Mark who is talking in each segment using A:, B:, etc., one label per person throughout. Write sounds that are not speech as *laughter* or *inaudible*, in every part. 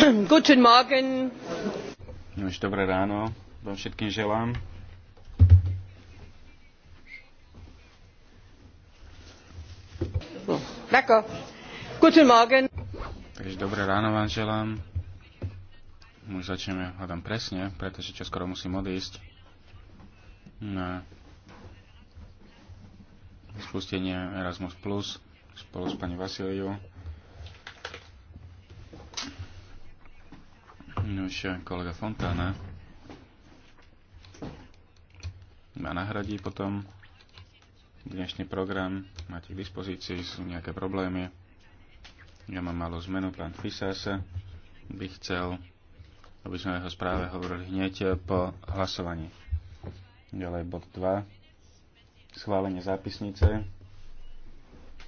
A: *clears throat* Guten Morgen.
B: No už dobré ráno vám všetkým želám.
A: Dako. Guten Morgen.
B: Takže dobré ráno vám želám. Už začneme hľadám presne, pretože čo skoro musím odísť na spustenie Erasmus Plus spolu s pani Vasiliou No už eh, kolega Fontána ma nahradí potom. Dnešný program máte k dispozícii, sú nejaké problémy. Ja mám malú zmenu, pán Fisas by chcel, aby sme jeho správe hovorili hneď po hlasovaní. Ďalej bod 2. Schválenie zápisnice.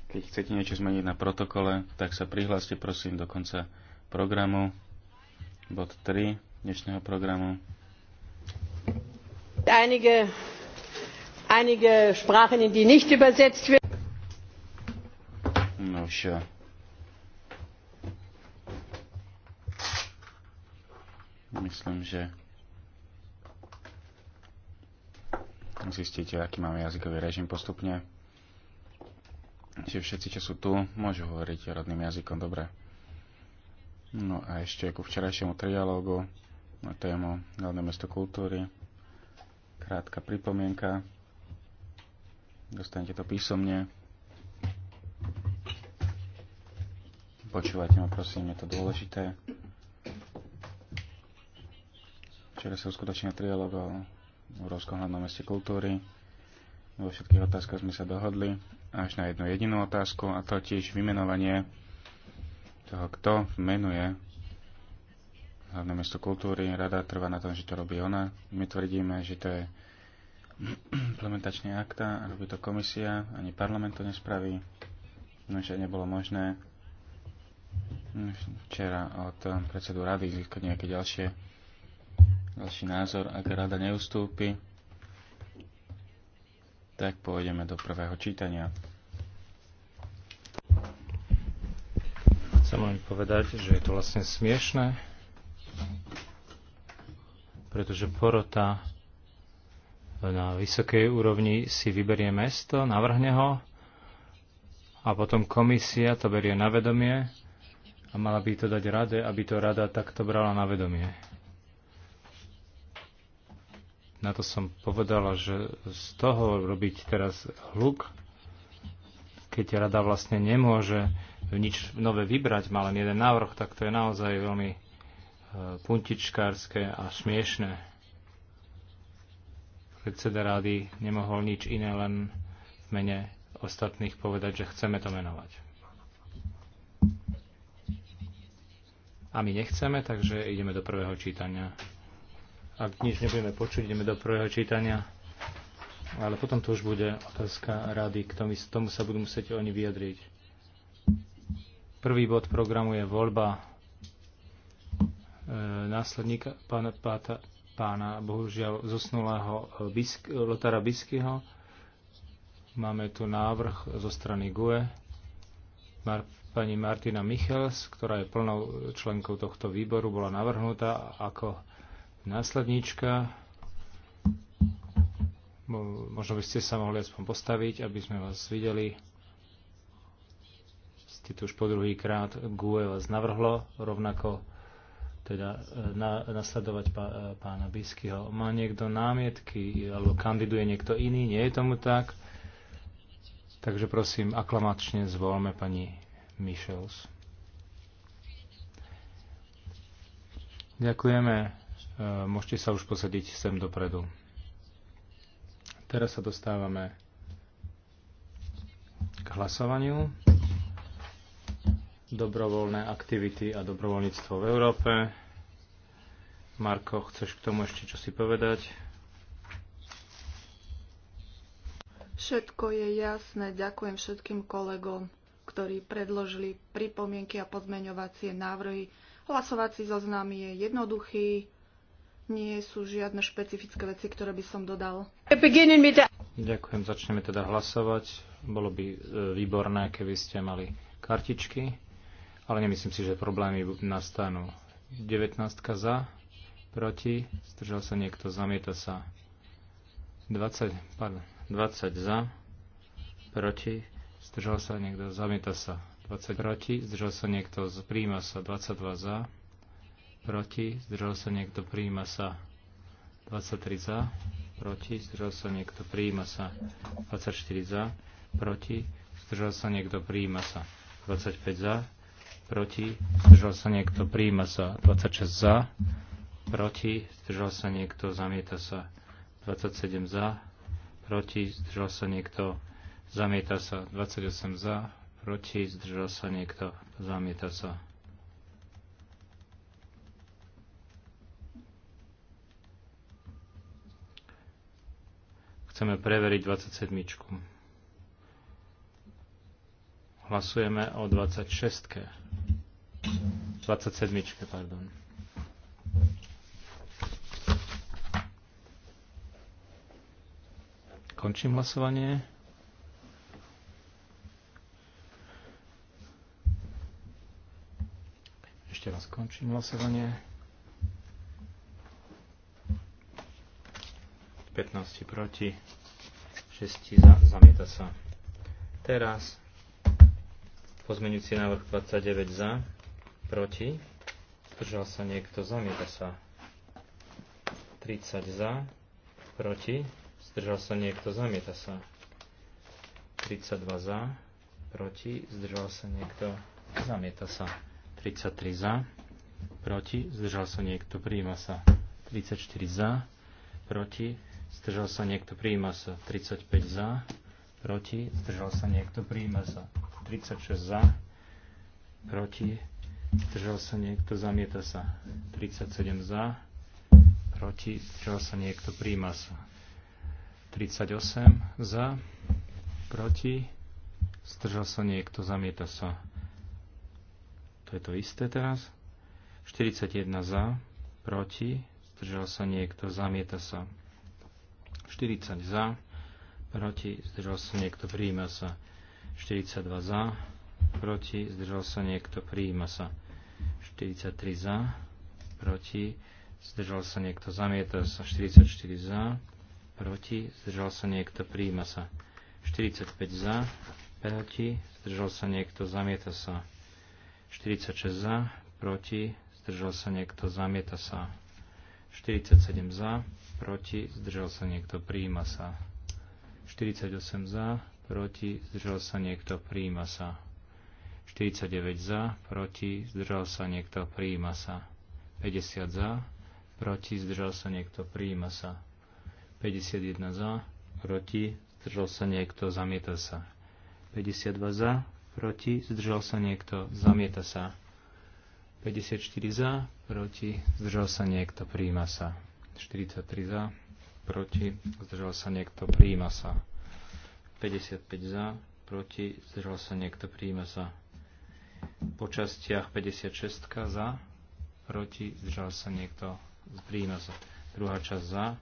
B: Keď chcete niečo zmeniť na protokole, tak sa prihláste prosím do konca programu bod 3 dnešného programu.
A: Einige, einige Sprachen, in die nicht übersetzt werden.
B: No, sure. Myslím, že zistíte, aký máme jazykový režim postupne. Že všetci, čo sú tu, môžu hovoriť rodným jazykom dobre. No a ešte ku včerajšiemu trialógu na tému hlavné mesto kultúry. Krátka pripomienka. Dostanete to písomne. Počúvajte ma, prosím, je to dôležité. Včera sa uskutočnil trialóg o Európskom hlavnom meste kultúry. Vo všetkých otázkach sme sa dohodli až na jednu jedinú otázku, a totiž vymenovanie toho, kto menuje hlavné mesto kultúry. Rada trvá na tom, že to robí ona. My tvrdíme, že to je *clears throat* implementačný akta, robí to komisia, ani parlament to nespraví. No, že nebolo možné včera od predsedu rady získať nejaký ďalšie ďalší názor. Ak rada neustúpi,
C: tak pôjdeme do prvého čítania. Chcem len povedať, že je to vlastne smiešné, pretože porota na vysokej úrovni si vyberie mesto, navrhne ho a potom komisia to berie na vedomie a mala by to dať rade, aby to rada takto brala na vedomie. Na to som povedala, že z toho robiť teraz hluk keď rada vlastne nemôže nič nové vybrať, má len jeden návrh, tak to je naozaj veľmi e, puntičkárske a smiešné. Predseda rady nemohol nič iné, len v mene ostatných povedať, že chceme to menovať. A my nechceme, takže ideme do prvého čítania. Ak nič nebudeme počuť, ideme do prvého čítania ale potom to už bude otázka rady, k tomu, tomu sa budú musieť oni vyjadriť. Prvý bod programu je voľba e, následníka pána, páta, pána bohužiaľ zosnulého e, Bisk, Lotara Biskyho. Máme tu návrh zo strany GUE Mar, pani Martina Michels, ktorá je plnou členkou tohto výboru, bola navrhnutá ako následníčka Možno by ste sa mohli aspoň postaviť, aby sme vás videli. Ste tu už po druhý krát. GUE vás navrhlo rovnako teda e, na, nasledovať pá, e, pána Biskyho. Má niekto námietky alebo kandiduje niekto iný? Nie je tomu tak? Takže prosím, aklamačne zvolme pani Michels. Ďakujeme. E, môžete sa už posadiť sem dopredu. Teraz sa dostávame k hlasovaniu. Dobrovoľné aktivity a dobrovoľníctvo v Európe. Marko, chceš k tomu ešte čo si povedať?
A: Všetko je jasné. Ďakujem všetkým kolegom, ktorí predložili pripomienky a pozmeňovacie návrhy. Hlasovací zoznam je jednoduchý nie sú žiadne špecifické veci, ktoré by som dodal.
C: Ďakujem, začneme teda hlasovať. Bolo by e, výborné, keby ste mali kartičky, ale nemyslím si, že problémy nastanú. 19 za, proti, zdržal sa niekto, zamieta sa. 20, pardon, 20 za, proti, zdržal sa niekto, zamieta sa. 20 proti, zdržal sa niekto, príjma sa. 22 za, proti, zdržal sa niekto, príjima sa 23 za, proti, zdržal sa niekto, príjima sa 24 za, proti, zdržal sa niekto, príjima sa 25 za, proti, zdržal sa niekto, príjima sa 26 za, proti, zdržal sa niekto, zamieta sa 27 za, proti, zdržal sa niekto, zamieta sa 28 za, proti, zdržal sa niekto, zamieta sa Chceme preveriť 27. Hlasujeme o 26. 27. Pardon. Končím hlasovanie. Ešte raz končím hlasovanie. 15 proti, 6 za, zamieta sa. Teraz pozmeňujúci návrh 29 za, proti, zdržal sa niekto, zamieta sa. 30 za, proti, zdržal sa niekto, zamieta sa. 32 za, proti, zdržal sa niekto, zamieta sa. 33 za, proti, zdržal sa niekto, prijíma sa. 34 za, proti, Zdržal sa niekto, prijíma sa. 35 za. Proti. Zdržal sa niekto, prijíma sa. 36 za. Proti. Zdržal sa niekto, zamieta sa. 37 za. Proti. Zdržal sa niekto, prijíma sa. 38 za. Proti. Zdržal sa niekto, zamieta sa. To je to isté teraz. 41 za. Proti. Zdržal sa niekto, zamieta sa. 40 za, proti, zdržal sa niekto, prijíma sa. 42 za, proti, zdržal sa niekto, prijíma sa. 43 za, proti, zdržal sa niekto, zamieta sa. 44 za, proti, zdržal sa niekto, prijíma sa. 45 za, proti, zdržal sa niekto, zamieta sa. 46 za, proti, zdržal sa niekto, zamieta sa. 47 za, proti, zdržal sa niekto, príjima sa. 48 za, proti, zdržal sa niekto, príjima sa. 49 za, proti, zdržal sa niekto, príjima sa. 50 za, proti, zdržal sa niekto, príjima sa. 51 za, proti, zdržal sa niekto, zamieta sa. 52 za, proti, zdržal sa niekto, zamieta sa. 54 za, proti, zdržal sa niekto, príjima sa. 43 za, proti, zdržal sa niekto, prijíma sa. 55 za, proti, zdržal sa niekto, prijíma sa. Po častiach 56 za, proti, zdržal sa niekto, prijíma sa. Druhá časť za,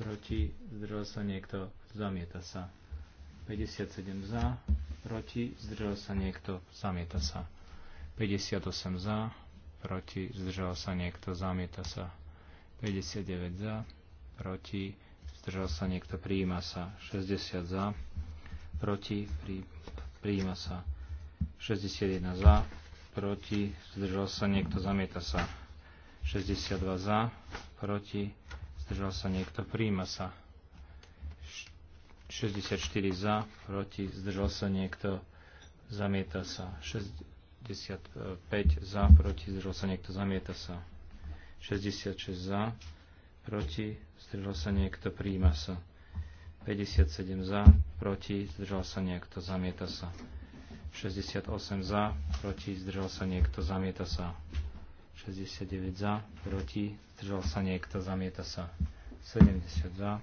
C: proti, zdržal sa niekto, zamieta sa. 57 za, proti, zdržal sa niekto, zamieta sa. 58 za, proti, zdržal sa niekto, zamieta sa. 59 za, proti, zdržal sa niekto, prijíma sa 60 za, proti, pri, prijíma sa 61 za, proti, zdržal sa niekto, zamieta sa 62 za, proti, zdržal sa niekto, prijíma sa 64 za, proti, zdržal sa niekto, zamieta sa 65 za, proti, zdržal sa niekto, zamieta sa 66 za, proti, zdržal sa niekto, príjma sa. 57 za, proti, zdržal sa niekto, zamieta sa. 68 za, proti, zdržal sa niekto, zamieta sa. 69 za, proti, zdržal sa niekto, zamieta sa. 70 za,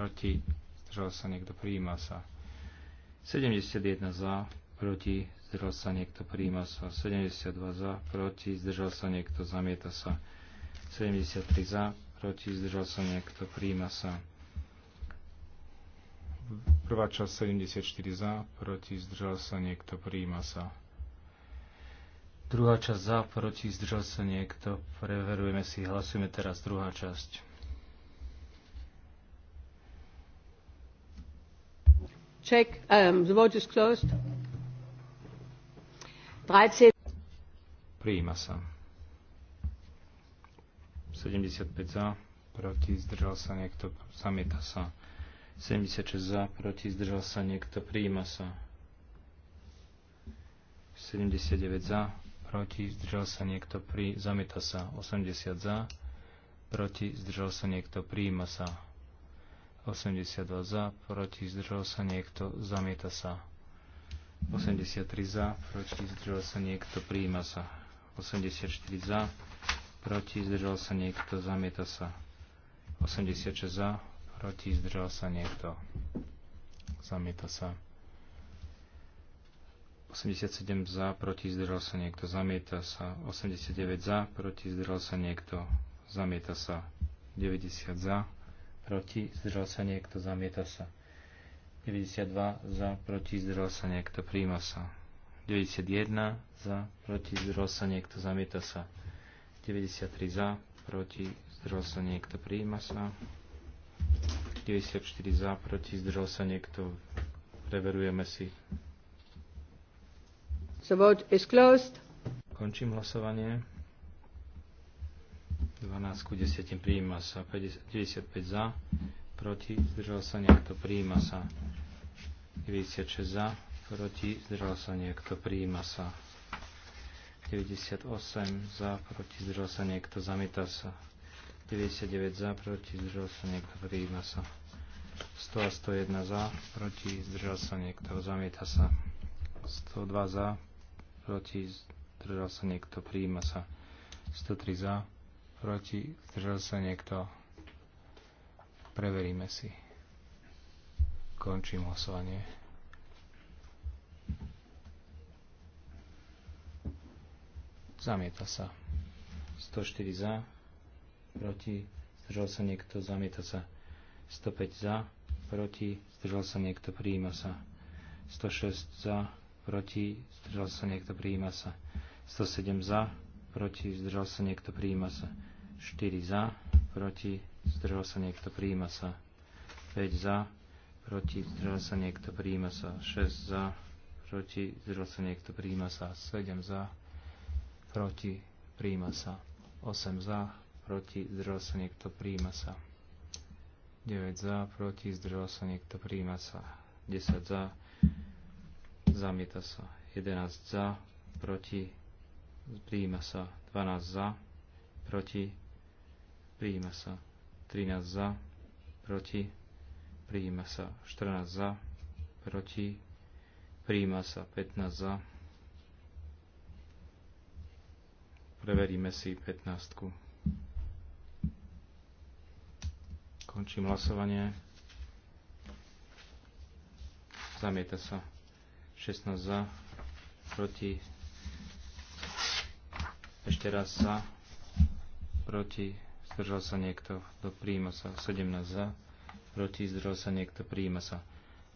C: proti, zdržal sa niekto, príjma sa. 71 za, proti, zdržal sa niekto, príjma sa. 72 za, proti, zdržal sa niekto, zamieta sa. 73 za, proti, zdržal sa niekto, príjma sa. Prvá časť 74 za, proti, zdržal sa niekto, príjma sa. Druhá časť za, proti, zdržal sa niekto. Preverujeme si, hlasujeme teraz druhá časť.
A: Check, um, the vote is closed. 13.
C: Prijíma sa. 75 za, proti, zdržal sa niekto, zamieta sa. 76 za, proti, zdržal sa niekto, prijíma sa. 79 za, proti, zdržal sa niekto, pri, zamieta sa. 80 za, proti, zdržal sa niekto, prijíma sa. 82 za, proti, zdržal sa niekto, zamieta sa. 83 za, proti, zdržal sa niekto, prijíma sa. 84 za, proti, zdržal sa niekto, zamieta sa. 86 za, proti, zdržal sa niekto, zamieta sa. 87 za, proti, zdržal sa niekto, zamieta sa. 89 za, proti, zdržal sa niekto, zamieta sa. 90 za, proti, zdržal sa niekto, zamieta sa. 92 za, proti, zdržal sa niekto, príjma sa. 91 za, proti, zdržal sa niekto, zamieta sa. 93 za, proti, zdržal sa niekto, prijíma sa. 94 za, proti, zdržal sa niekto, preverujeme si.
A: So vote is closed.
C: Končím hlasovanie. 12 ku 10 prijíma sa, 95 za, proti, zdržal sa niekto, prijíma sa. 96 za, proti, zdržal sa niekto, prijíma sa. 98 za, proti, zdržal sa niekto, zamieta sa. 99 za, proti, zdržal sa niekto, prijíma sa. 100 a 101 za, proti, zdržal sa niekto, zamieta sa. 102 za, proti, zdržal sa niekto, príjma sa. 103 za, proti, zdržal sa niekto. Preveríme si. Končím hlasovanie. Zamieta sa. 104 za. Proti. Zdržal sa niekto. Zamieta sa. 105 za. Proti. Zdržal sa niekto. Prijíma sa. 106 za. Proti. Zdržal sa niekto. Prijíma sa. 107 za. Proti. Zdržal sa niekto. Prijíma sa. 4 za. Proti. Zdržal sa niekto. Prijíma sa. 5 za. Proti. Zdržal sa niekto. Prijíma sa. 6 za. Proti. Zdržal sa niekto. Prijíma sa. 7 za proti, príjma sa. 8 za, proti, zdržal sa niekto, príjma sa. 9 za, proti, zdržal sa niekto, príjma sa. 10 za, zamieta sa. 11 za, proti, príjma sa. 12 za, proti, príjma sa. 13 za, proti, príjma sa. 14 za, proti, príjma sa. 15 za, proti, Preveríme si 15. Končím hlasovanie. Zamieta sa 16 za, proti, ešte raz za, proti, zdržal sa niekto, do príjma sa 17 za, proti, zdržal sa niekto, príjma sa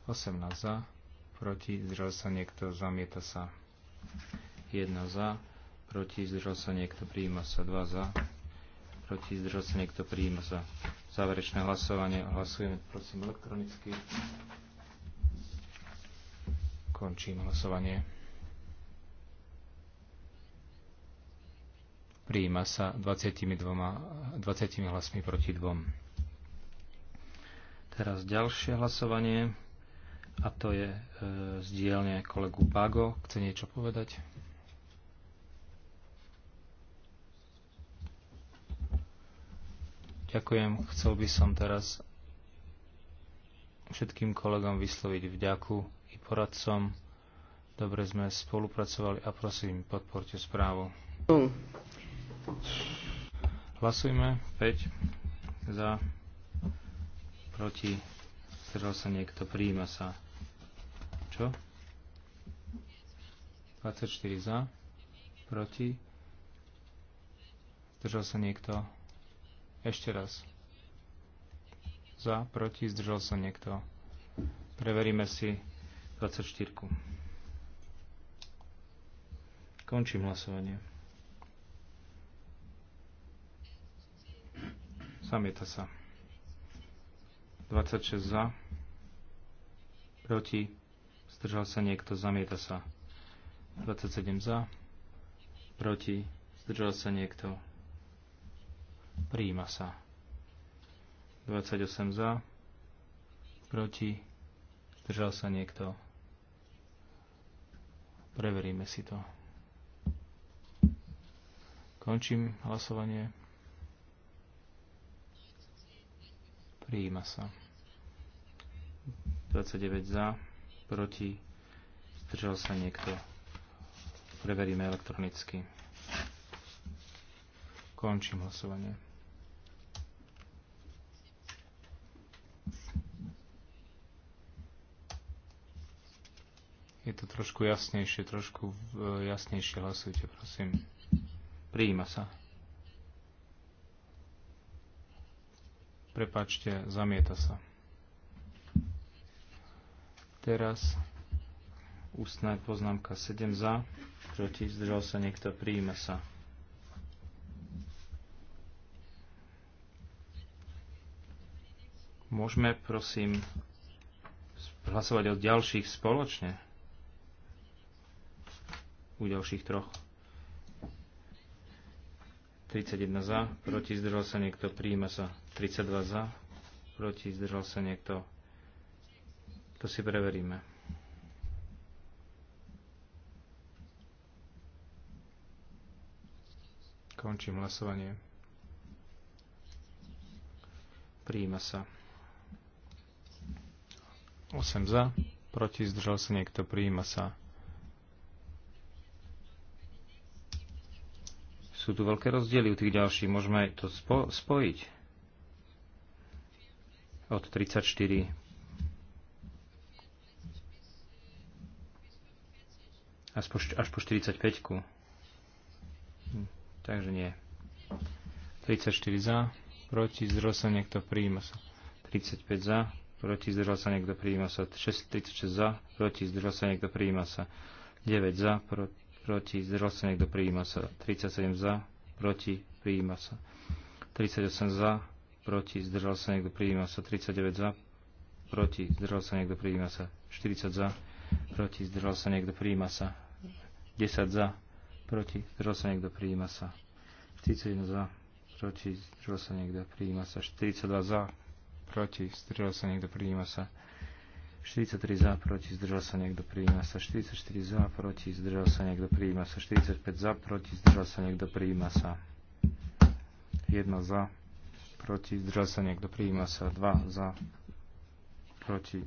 C: 18 za, proti, zdržal sa niekto, zamieta sa 1 za, proti zdržal sa niekto, prijíma sa 2 za, proti zdržal sa niekto, prijíma sa záverečné hlasovanie. Hlasujeme prosím elektronicky. Končím hlasovanie. Prijíma sa 22, 20 hlasmi proti dvom. Teraz ďalšie hlasovanie a to je e, z dielne kolegu Bago. Chce niečo povedať? Ďakujem. Chcel by som teraz všetkým kolegom vysloviť vďaku i poradcom. Dobre sme spolupracovali a prosím, podporte správu. Hlasujme. 5 za, proti, zdržal sa niekto, príjima sa. Čo? 24 za, proti, zdržal sa niekto, ešte raz. Za, proti, zdržal sa niekto. Preveríme si 24. -ku. Končím hlasovanie. Zamieta sa. 26 za. Proti. Zdržal sa niekto. Zamieta sa. 27 za. Proti. Zdržal sa niekto. Príjima sa. 28 za. Proti. Zdržal sa niekto. Preveríme si to. Končím hlasovanie. Príjima sa. 29 za, proti, zdržal sa niekto. Preveríme elektronicky. Končím hlasovanie. Je to trošku jasnejšie, trošku e, jasnejšie hlasujte, prosím. Prijíma sa. Prepačte, zamieta sa. Teraz ústna poznámka 7 za, proti, zdržal sa niekto, prijíma sa. Môžeme, prosím, hlasovať o ďalších spoločne? u ďalších troch. 31 za, proti zdržal sa niekto, príjima sa. 32 za, proti zdržal sa niekto. To si preveríme. Končím hlasovanie. Príjima sa. 8 za, proti zdržal sa niekto, príjima sa. Sú tu veľké rozdiely u tých ďalších. Môžeme to spo- spojiť. Od 34 až po, až po 45. -ku. Hm, takže nie. 34 za, proti, zdržal sa niekto, prijíma sa. 35 za, proti, zdržal sa niekto, prijíma sa. 36 za, proti, zdržal sa niekto, prijíma sa. 9 za, proti, proti, zdržal sa niekto, prijíma sa. 37 za, proti, prijíma sa. 38 za, proti, zdržal sa niekto, prijíma sa. 39 za, proti, zdržal sa niekto, prijíma sa. 40 za, proti, zdržal sa niekto, prijíma sa. 10 za, proti, zdržal sa niekto, prijíma sa. 31 za, proti, zdržal sa niekto, prijíma sa. 42 za, proti, zdržal sa niekto, prijíma sa. 43 za, proti, zdržal sa niekto, prijíma sa. 44 za, proti, zdržal sa niekto, prijíma sa. 45 za, proti, zdržal sa niekto, prijíma sa. 1 za, proti, zdržal sa niekto, prijíma sa. 2 za, proti,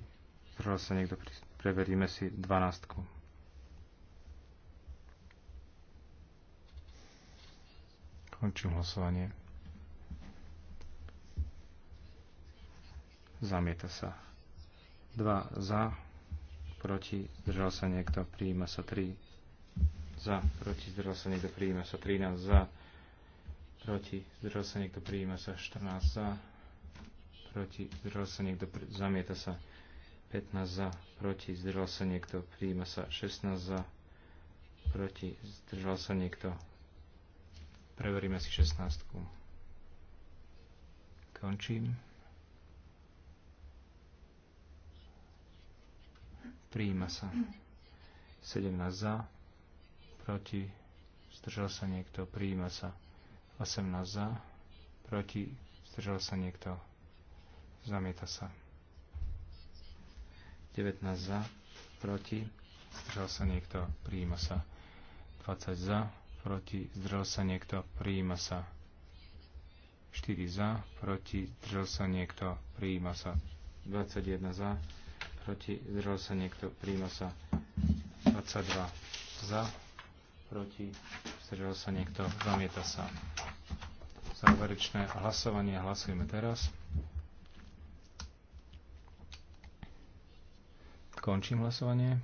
C: zdržal sa niekto, preveríme si 12. Končím hlasovanie. Zamieta sa. 2 za, proti, zdržal sa niekto, prijíma sa 3 za, proti, zdržal sa niekto, prijíma sa 13 za, proti, zdržal sa niekto, prijíma sa 14 za, proti, zdržal sa niekto, zamieta sa 15 za, proti, zdržal sa niekto, prijíma sa 16 za, proti, zdržal sa niekto. Preveríme si 16. Končím. Prijíma sa. 17 za, proti, zdržal sa niekto, prijíma sa. 18 za, proti, zdržal sa niekto, zamieta sa. 19 za, proti, zdržal sa niekto, prijíma sa. 20 za, proti, zdržal sa niekto, prijíma sa. 4 za, proti, zdržal sa niekto, prijíma sa. 21 za, proti, zdržal sa niekto, príjma sa 22 za, proti, zdržal sa niekto, zamieta sa. Záverečné hlasovanie hlasujeme teraz. Končím hlasovanie.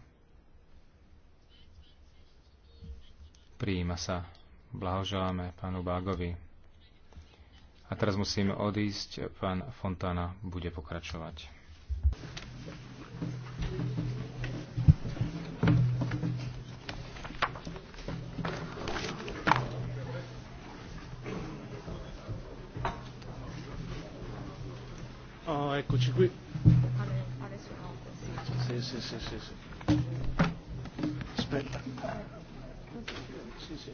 C: Prijíma sa. Blahoželáme pánu Bágovi. A teraz musíme odísť. Pán Fontana bude pokračovať. eccoci qui. Sì, sì, sì, sì, sì. Aspetta. Sì, sì, sì.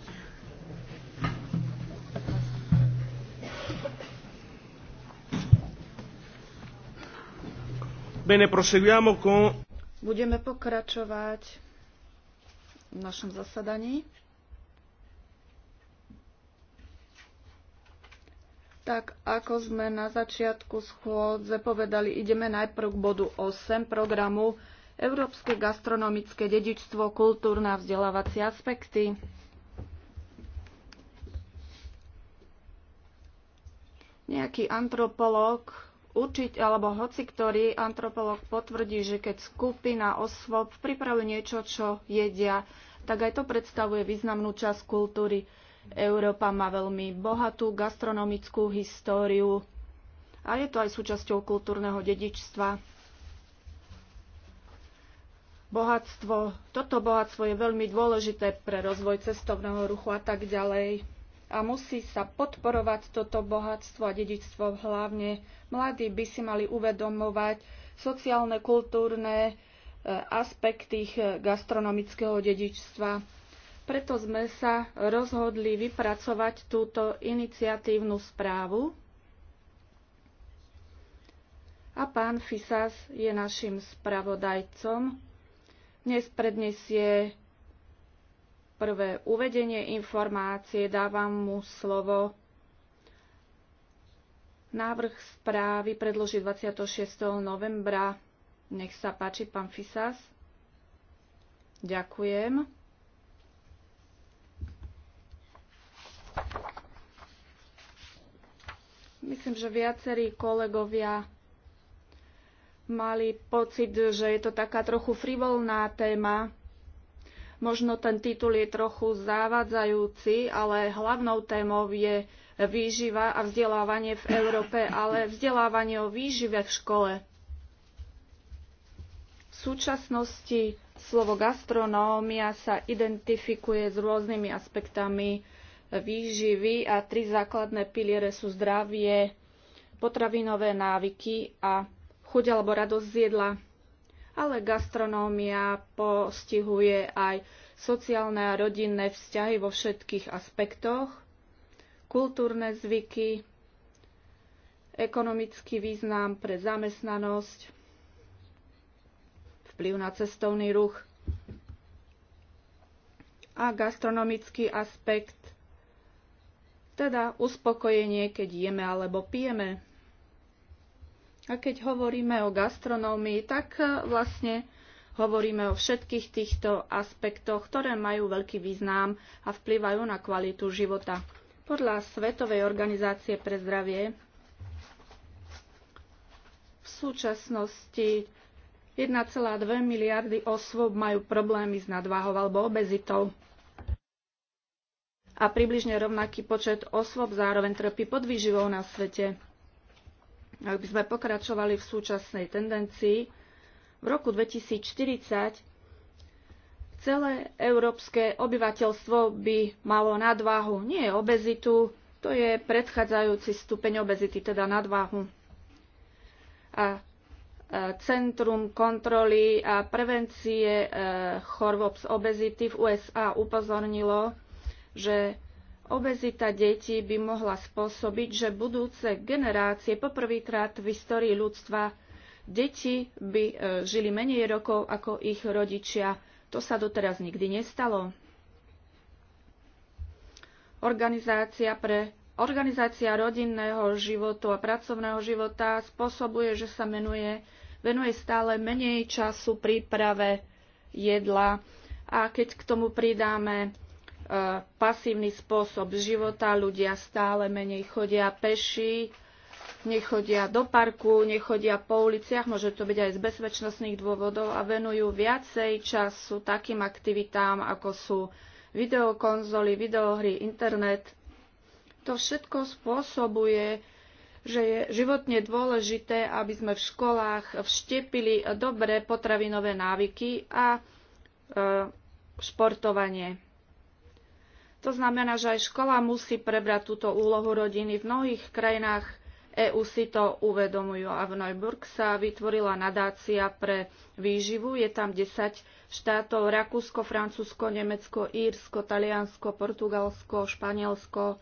B: Bene, proseguiamo con...
A: Budeme pokračovať v našom zasadaní. Tak ako sme na začiatku schôdze povedali, ideme najprv k bodu 8 programu Európske gastronomické dedičstvo, kultúrne a vzdelávacie aspekty. Nejaký antropolog určiť, alebo hoci ktorý antropolog potvrdí, že keď skupina osôb pripravuje niečo, čo jedia, tak aj to predstavuje významnú časť kultúry. Európa má veľmi bohatú gastronomickú históriu a je to aj súčasťou kultúrneho dedičstva. Bohatstvo, toto bohatstvo je veľmi dôležité pre rozvoj cestovného ruchu a tak ďalej. A musí sa podporovať toto bohatstvo a dedičstvo hlavne. Mladí by si mali uvedomovať sociálne, kultúrne eh, aspekty ich eh, gastronomického dedičstva preto sme sa rozhodli vypracovať túto iniciatívnu správu. A pán Fisas je našim spravodajcom. Dnes predniesie prvé uvedenie informácie, dávam mu slovo. Návrh správy predloží 26. novembra. Nech sa páči, pán Fisas. Ďakujem. Myslím, že viacerí kolegovia mali pocit, že je to taká trochu frivolná téma. Možno ten titul je trochu závádzajúci, ale hlavnou témou je výživa a vzdelávanie v Európe, ale vzdelávanie o výžive v škole. V súčasnosti slovo gastronómia sa identifikuje s rôznymi aspektami výživy a tri základné piliere sú zdravie, potravinové návyky a chuť alebo radosť z jedla. Ale gastronómia postihuje aj sociálne a rodinné vzťahy vo všetkých aspektoch, kultúrne zvyky, ekonomický význam pre zamestnanosť, vplyv na cestovný ruch a gastronomický aspekt teda uspokojenie, keď jeme alebo pijeme. A keď hovoríme o gastronómii, tak e, vlastne hovoríme o všetkých týchto aspektoch, ktoré majú veľký význam a vplyvajú na kvalitu života. Podľa Svetovej organizácie pre zdravie v súčasnosti 1,2 miliardy osôb majú problémy s nadváhou alebo obezitou a približne rovnaký počet osôb zároveň trpí podvýživou na svete. Ak by sme pokračovali v súčasnej tendencii, v roku 2040 celé európske obyvateľstvo by malo nadváhu, nie obezitu, to je predchádzajúci stupeň obezity, teda nadváhu. A e, Centrum kontroly a prevencie e, chorôb z obezity v USA upozornilo, že obezita detí by mohla spôsobiť, že budúce generácie poprvýkrát v histórii ľudstva deti by e, žili menej rokov ako ich rodičia. To sa doteraz nikdy nestalo. Organizácia pre Organizácia rodinného životu a pracovného života spôsobuje, že sa menuje, venuje stále menej času príprave jedla. A keď k tomu pridáme E, pasívny spôsob života, ľudia stále menej chodia peši, nechodia do parku, nechodia po uliciach, môže to byť aj z bezpečnostných dôvodov a venujú viacej času takým aktivitám, ako sú videokonzoly, videohry, internet. To všetko spôsobuje, že je životne dôležité, aby sme v školách vštepili dobré potravinové návyky a e, športovanie to znamená, že aj škola musí prebrať túto úlohu rodiny. V mnohých krajinách EÚ si to uvedomujú a v Neuburg sa vytvorila nadácia pre výživu. Je tam 10 štátov Rakúsko, Francúzsko, Nemecko, Írsko, Taliansko, Portugalsko, Španielsko,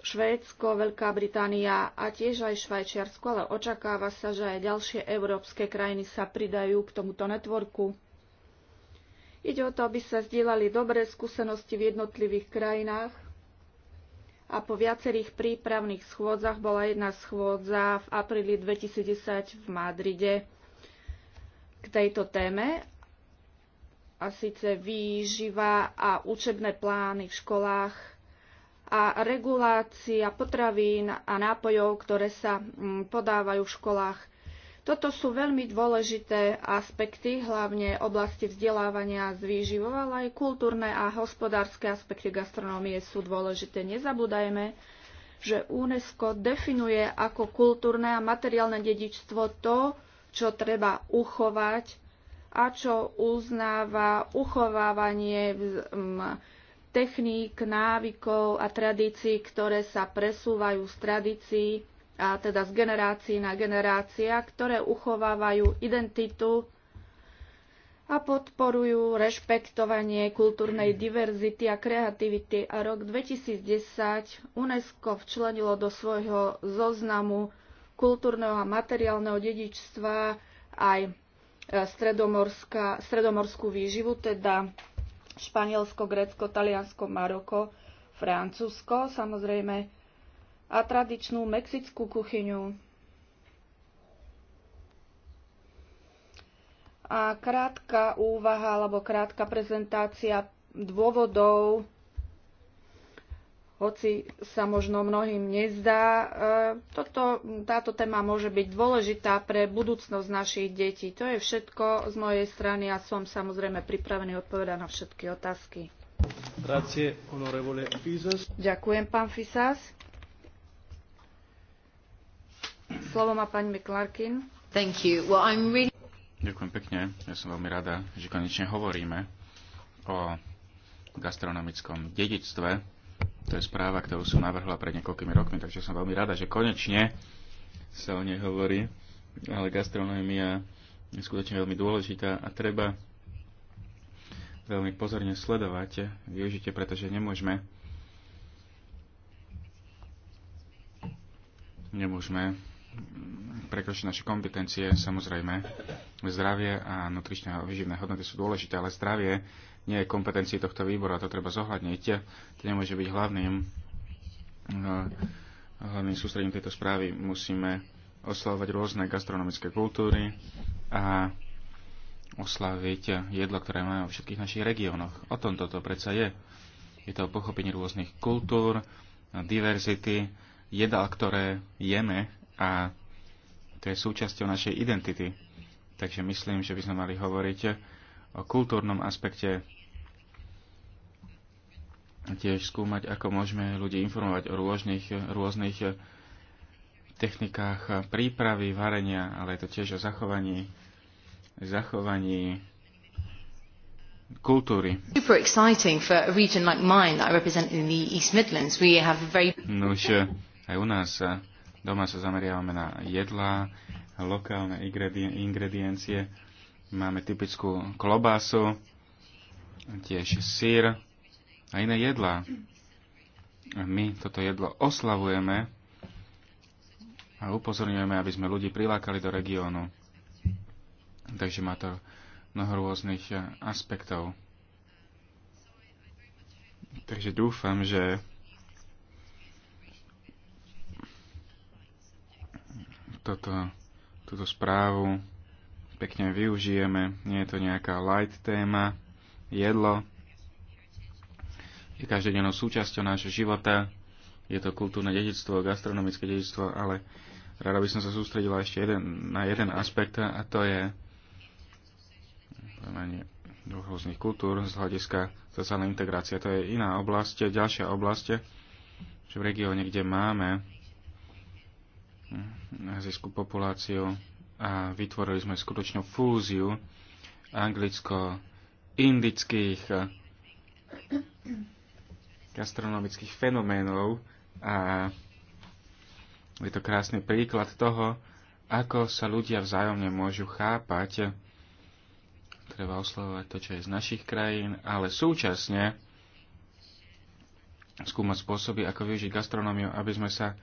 A: Švédsko, Veľká Británia a tiež aj Švajčiarsko, ale očakáva sa, že aj ďalšie európske krajiny sa pridajú k tomuto netvorku. Ide o to, aby sa zdieľali dobré skúsenosti v jednotlivých krajinách a po viacerých prípravných schôdzach bola jedna schôdza v apríli 2010 v Madride k tejto téme a síce výživa a učebné plány v školách a regulácia potravín a nápojov, ktoré sa mm, podávajú v školách – toto sú veľmi dôležité aspekty, hlavne oblasti vzdelávania z zvýživov, ale aj kultúrne a hospodárske aspekty gastronómie sú dôležité. Nezabúdajme, že UNESCO definuje ako kultúrne a materiálne dedičstvo to, čo treba uchovať a čo uznáva uchovávanie techník, návykov a tradícií, ktoré sa presúvajú z tradícií a teda z generácií na generácia, ktoré uchovávajú identitu a podporujú rešpektovanie kultúrnej diverzity a kreativity. A rok 2010 UNESCO včlenilo do svojho zoznamu kultúrneho a materiálneho dedičstva aj e, stredomorskú výživu, teda Španielsko, Grécko, Taliansko, Maroko, Francúzsko. Samozrejme, a tradičnú mexickú kuchyňu. A krátka úvaha alebo krátka prezentácia dôvodov, hoci sa možno mnohým nezdá, e, toto, táto téma môže byť dôležitá pre budúcnosť našich detí. To je všetko z mojej strany a som samozrejme pripravený odpovedať na všetky otázky. Grazie, Ďakujem, pán Fisas. Slovo má pani McClarkin. Thank you. Well, I'm really...
B: Ďakujem pekne. Ja som veľmi rada, že konečne hovoríme o gastronomickom dedictve. To je správa, ktorú som navrhla pred niekoľkými rokmi, takže som veľmi rada, že konečne sa o nej hovorí. Ale gastronomia je skutočne veľmi dôležitá a treba veľmi pozorne sledovať využite, pretože nemôžeme nemôžeme prekročiť naše kompetencie. Samozrejme, zdravie a nutričné a vyživné hodnoty sú dôležité, ale zdravie nie je kompetencií tohto výboru a to treba zohľadniť. To nemôže byť hlavným, eh, hlavným sústredím tejto správy. Musíme oslavovať rôzne gastronomické kultúry a oslaviť jedlo, ktoré máme vo všetkých našich regiónoch. O tom toto predsa je. Je to pochopenie rôznych kultúr, diverzity, jedal, ktoré jeme a to je súčasťou našej identity. Takže myslím, že by sme mali hovoriť o kultúrnom aspekte tiež skúmať, ako môžeme ľudí informovať o rôznych, rôznych technikách prípravy, varenia, ale je to tiež o zachovaní, zachovaní kultúry.
C: Super exciting for a region like mine that I represent in the East Midlands. We have a very...
B: Nuž, aj u nás Doma sa zameriavame na jedlá, lokálne ingrediencie. Máme typickú klobásu, tiež sír a iné jedlá. A my toto jedlo oslavujeme a upozorňujeme, aby sme ľudí prilákali do regiónu. Takže má to mnoho rôznych aspektov. Takže dúfam, že toto, túto správu pekne využijeme. Nie je to nejaká light téma. Jedlo je každodennou súčasťou nášho života. Je to kultúrne dedictvo, gastronomické dedictvo, ale rada by som sa sústredila ešte jeden, na jeden aspekt a to je poznanie dvoch rôznych kultúr z hľadiska sociálnej integrácie. To je iná oblasť, ďalšia oblasť, že v regióne, kde máme azijskú populáciu a vytvorili sme skutočnú fúziu anglicko-indických eh, gastronomických fenoménov a je to krásny príklad toho, ako sa ľudia vzájomne môžu chápať. Treba oslovovať to, čo je z našich krajín, ale súčasne skúmať spôsoby, ako využiť gastronómiu, aby sme sa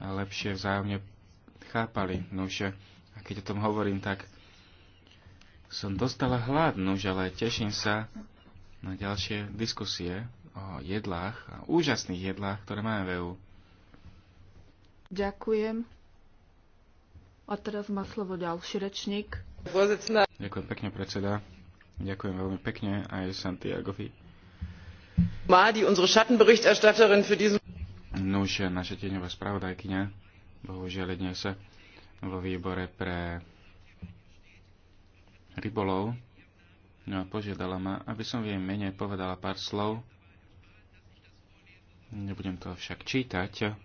B: lepšie vzájomne chápali. Nože, a keď o tom hovorím, tak som dostala hlad, nože, ale teším sa na ďalšie diskusie o jedlách, o úžasných jedlách, ktoré máme v EU.
A: Ďakujem. A teraz má slovo ďalší rečník.
B: Ďakujem pekne, predseda. Ďakujem veľmi pekne aj Santiagovi. Madi, unsere Schattenberichterstatterin für diesen Nuž, naša tieňová spravodajkyňa, bohužiaľ dnes vo výbore pre rybolov, no a požiadala ma, aby som v jej mene povedala pár slov. Nebudem to však čítať,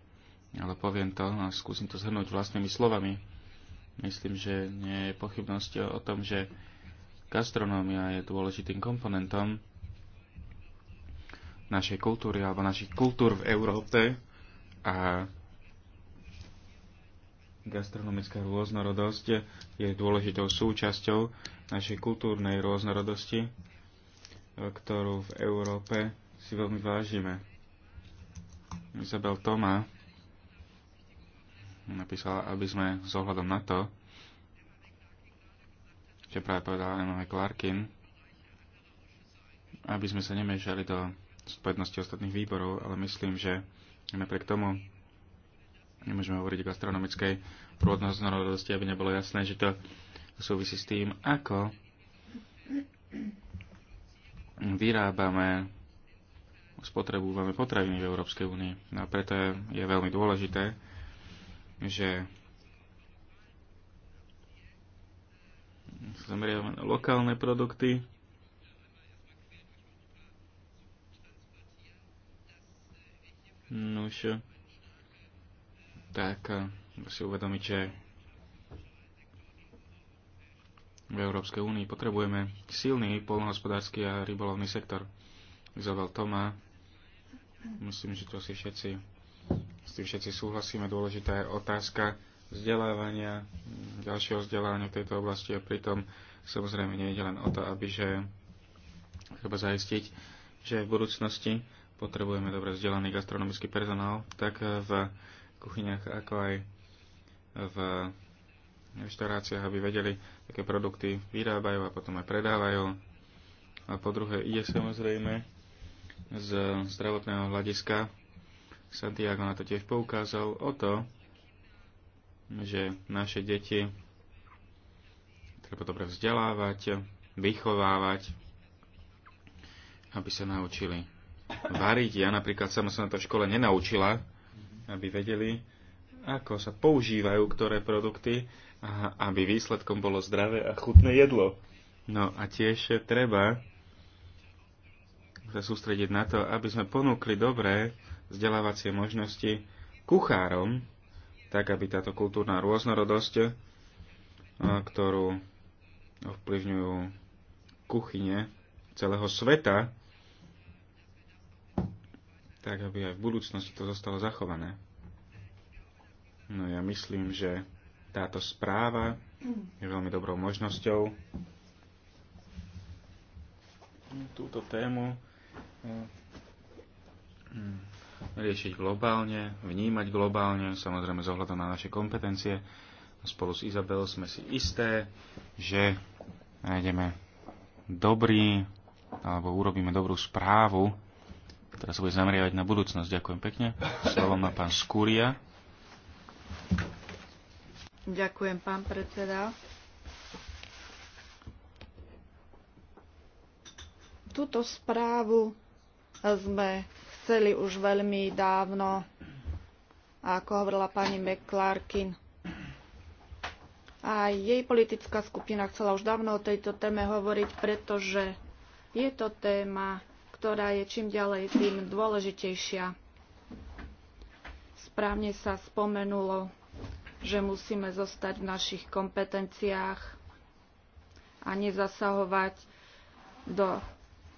B: ale poviem to a skúsim to zhrnúť vlastnými slovami. Myslím, že nie je pochybnosť o tom, že gastronómia je dôležitým komponentom našej kultúry alebo našich kultúr v Európe a gastronomická rôznorodosť je dôležitou súčasťou našej kultúrnej rôznorodosti, ktorú v Európe si veľmi vážime. Isabel Toma napísala, aby sme s ohľadom na to, čo práve povedala Emma Clarkin, aby sme sa nemiešali do zodpovednosti ostatných výborov, ale myslím, že napriek tomu nemôžeme hovoriť o gastronomickej rôznorodosti, aby nebolo jasné, že to súvisí s tým, ako vyrábame, spotrebujeme potraviny v Európskej únii. No a preto je, je veľmi dôležité, že zameriavame na lokálne produkty, Nuž, tak eh, si uvedomiť, že v Európskej únii potrebujeme silný polnohospodársky a rybolovný sektor. Izabel Toma, myslím, že to si všetci, s tým všetci súhlasíme. Dôležitá je otázka vzdelávania, ďalšieho vzdelávania v tejto oblasti a pritom samozrejme nie je len o to, aby že treba zaistiť, že v budúcnosti potrebujeme dobre vzdelaný gastronomický personál, tak eh, v kuchyniach, ako aj v reštauráciách, aby vedeli, aké produkty vyrábajú a potom aj predávajú. A po druhé, ide samozrejme z zdravotného hľadiska, Santiago na to tiež poukázal, o to, že naše deti treba dobre vzdelávať, vychovávať, aby sa naučili variť. Ja napríklad sama som na to v škole nenaučila, aby vedeli, ako sa používajú ktoré produkty, a aby výsledkom bolo zdravé a chutné jedlo. No a tiež treba sa sústrediť na to, aby sme ponúkli dobré vzdelávacie možnosti kuchárom, tak aby táto kultúrna rôznorodosť, ktorú ovplyvňujú kuchyne celého sveta, tak aby aj v budúcnosti to zostalo zachované. No ja myslím, že táto správa je veľmi dobrou možnosťou túto tému eh, hm, riešiť globálne, vnímať globálne, samozrejme zohľadom na naše kompetencie. Spolu s Izabel sme si isté, že nájdeme dobrý, alebo urobíme dobrú správu Teraz sa bude zameriavať na budúcnosť. Ďakujem pekne. Slovo má pán Skúria.
A: Ďakujem, pán predseda. Túto správu sme chceli už veľmi dávno, ako hovorila pani McClarkin. A jej politická skupina chcela už dávno o tejto téme hovoriť, pretože je to téma, ktorá je čím ďalej tým dôležitejšia. Správne sa spomenulo, že musíme zostať v našich kompetenciách a nezasahovať do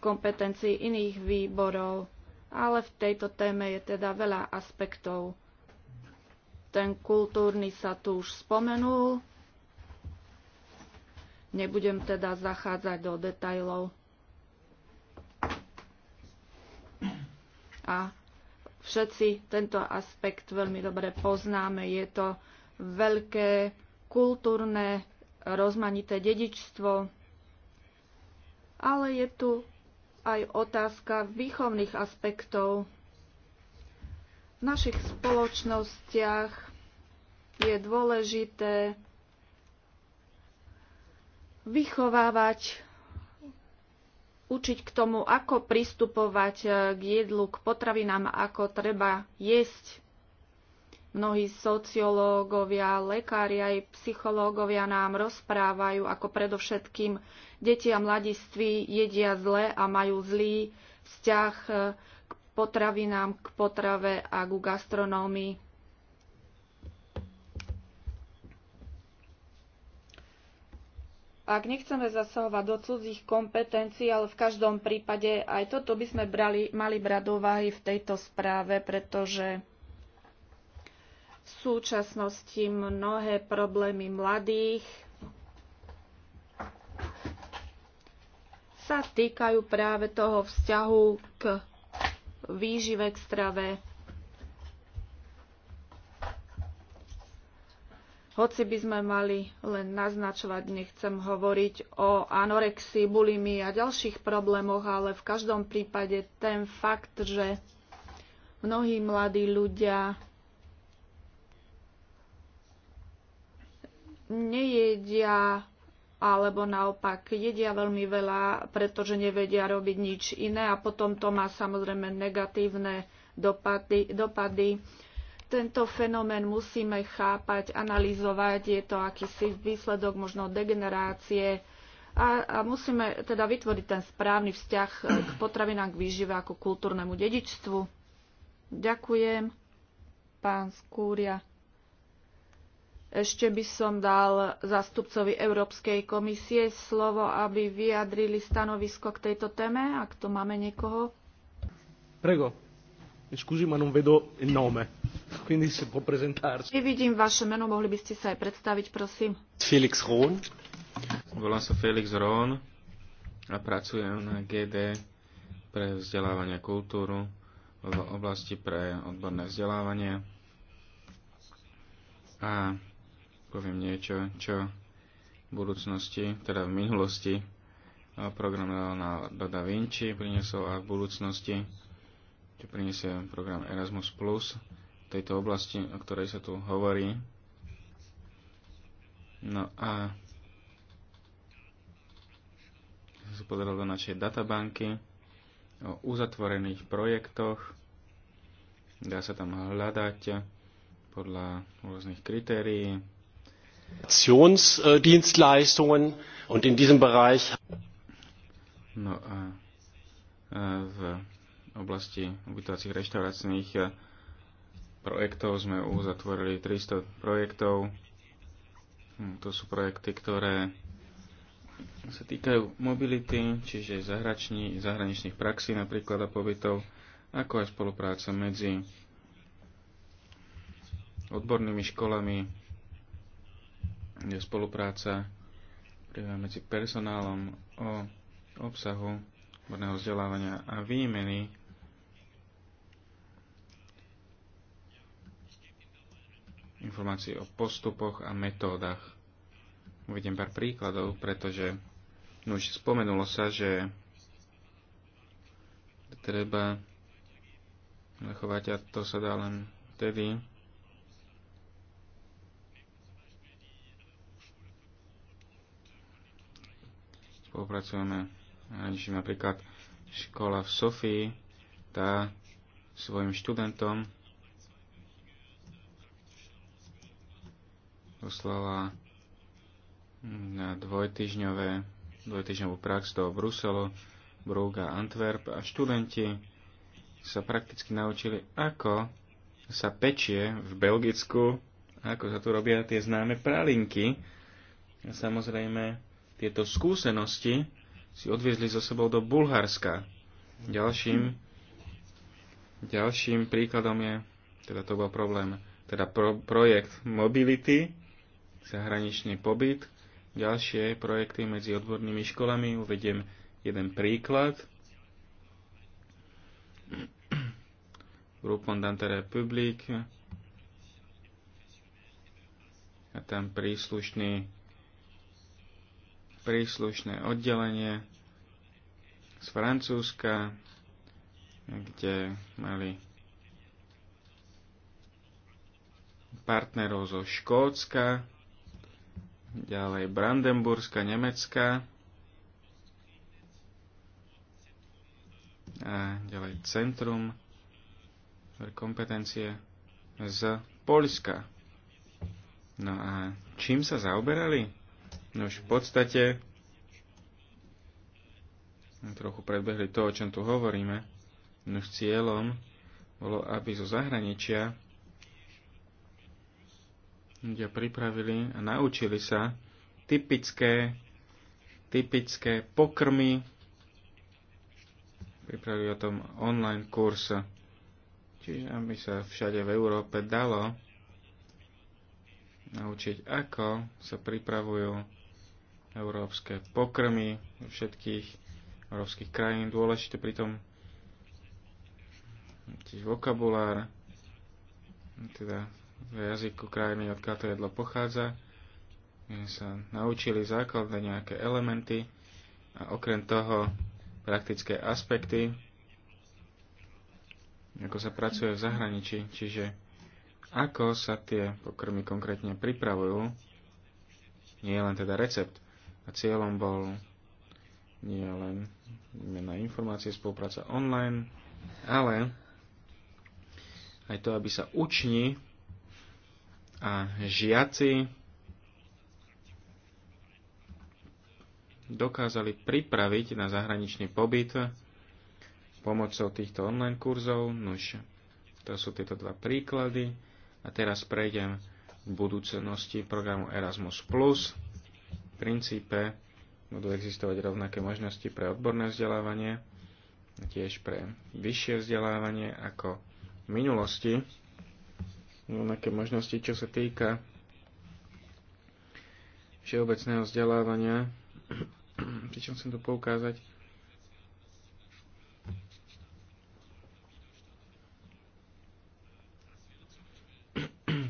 A: kompetencií iných výborov, ale v tejto téme je teda veľa aspektov. Ten kultúrny sa tu už spomenul, nebudem teda zachádzať do detajlov. a všetci tento aspekt veľmi dobre poznáme. Je to veľké kultúrne rozmanité dedičstvo, ale je tu aj otázka výchovných aspektov. V našich spoločnostiach je dôležité vychovávať učiť k tomu, ako pristupovať e, k jedlu, k potravinám, ako treba jesť. Mnohí sociológovia, lekári aj psychológovia nám rozprávajú, ako predovšetkým deti a mladiství jedia zle a majú zlý vzťah e, k potravinám, k potrave a ku gastronómii. Ak nechceme zasahovať do cudzích kompetencií, ale v každom prípade aj toto by sme brali, mali brať do váhy v tejto správe, pretože v súčasnosti mnohé problémy mladých sa týkajú práve toho vzťahu k výžive, k strave. Hoci by sme mali len naznačovať, nechcem hovoriť o anorexii, bulimi a ďalších problémoch, ale v každom prípade ten fakt, že mnohí mladí ľudia nejedia alebo naopak jedia veľmi veľa, pretože nevedia robiť nič iné a potom to má samozrejme negatívne dopady, dopady tento fenomén musíme chápať, analyzovať. Je to akýsi výsledok možno degenerácie a, a musíme teda vytvoriť ten správny vzťah k potravinám, k výžive ako kultúrnemu dedičstvu. Ďakujem, pán Skúria. Ešte by som dal zástupcovi Európskej komisie slovo, aby vyjadrili stanovisko k tejto téme, ak to máme niekoho.
C: Prego. E scusi, ma non vedo il nome, quindi se può presentarsi.
A: vidím vaše meno, mohli by ste sa aj predstaviť, prosím.
C: Felix Rón.
B: Volám sa Felix Rón a pracujem na GD pre vzdelávanie kultúru v oblasti pre odborné vzdelávanie. A poviem niečo, čo v budúcnosti, teda v minulosti, program na da Vinci priniesol a v budúcnosti čo priniesie program Erasmus+, Plus v tejto oblasti, o ktorej sa tu hovorí. No a sa podarilo do našej databanky o uzatvorených projektoch. Dá sa tam hľadať podľa rôznych kritérií. Dienstleistungen äh, und in diesem Bereich. No a äh, v oblasti ubytovacích reštauračných eh, projektov sme uzatvorili 300 projektov. Hm, to sú projekty, ktoré sa týkajú mobility, čiže zahraničných praxí napríklad a pobytov, ako aj spolupráca medzi odbornými školami, je spolupráca medzi personálom o obsahu odborného vzdelávania a výmeny informácie o postupoch a metódach. Uvediem pár príkladov, pretože no už spomenulo sa, že treba zachovať a to sa dá len vtedy, spolupracujeme napríklad škola v Sofii, tá svojim študentom doslova na dvojtyžňové, dvojtyžňovú prax do Bruselu, Brúk a Antwerp a študenti sa prakticky naučili, ako sa pečie v Belgicku, ako sa tu robia tie známe pralinky. A samozrejme, tieto skúsenosti si odviezli so sebou do Bulharska. Ďalším, ďalším príkladom je, teda to bol problém, teda pro, projekt Mobility, zahraničný pobyt, ďalšie projekty medzi odbornými školami. Uvediem jeden príklad. Groupon Dante Republic a tam príslušný príslušné oddelenie z Francúzska, kde mali partnerov zo Škótska, ďalej Brandenburska, Nemecka, a ďalej Centrum kompetencie z Polska. No a čím sa zaoberali? No už v podstate trochu predbehli to, o čom tu hovoríme. No cieľom bolo, aby zo zahraničia ľudia pripravili a naučili sa typické, typické pokrmy. Pripravili o tom online kurz. Čiže aby sa všade v Európe dalo naučiť, ako sa pripravujú európske pokrmy všetkých európskych krajín. Dôležité pritom tiež vokabulár, teda v jazyku krajiny, odkiaľ to jedlo pochádza. My sa naučili základné nejaké elementy a okrem toho praktické aspekty, ako sa pracuje v zahraničí, čiže ako sa tie pokrmy konkrétne pripravujú, nie je len teda recept. A cieľom bol nie len na informácie, spolupráca online, ale aj to, aby sa učni a žiaci dokázali pripraviť na zahraničný pobyt pomocou týchto online kurzov. Nož, to sú tieto dva príklady. A teraz prejdem k budúcnosti programu Erasmus+. V princípe budú existovať rovnaké možnosti pre odborné vzdelávanie, tiež pre vyššie vzdelávanie ako v minulosti rovnaké možnosti, čo sa týka všeobecného vzdelávania, *clears throat* pričom chcem to poukázať,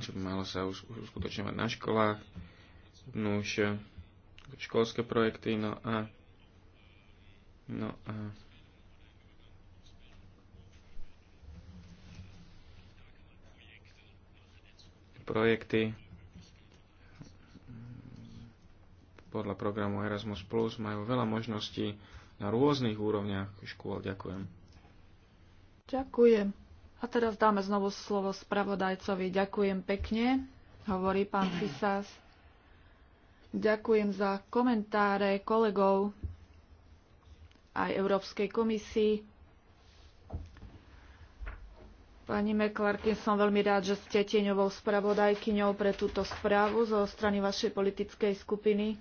B: čo by malo sa už uskutočňovať na školách, no už eh, školské projekty, no a no a projekty podľa programu Erasmus Plus majú veľa možností na rôznych úrovniach škôl. Ďakujem.
A: Ďakujem. A teraz dáme znovu slovo spravodajcovi. Ďakujem pekne, hovorí pán Fisas. Ďakujem za komentáre kolegov aj Európskej komisii. Pani Meklarkin som veľmi rád, že ste tieňovou spravodajkyňou pre túto správu zo strany vašej politickej skupiny.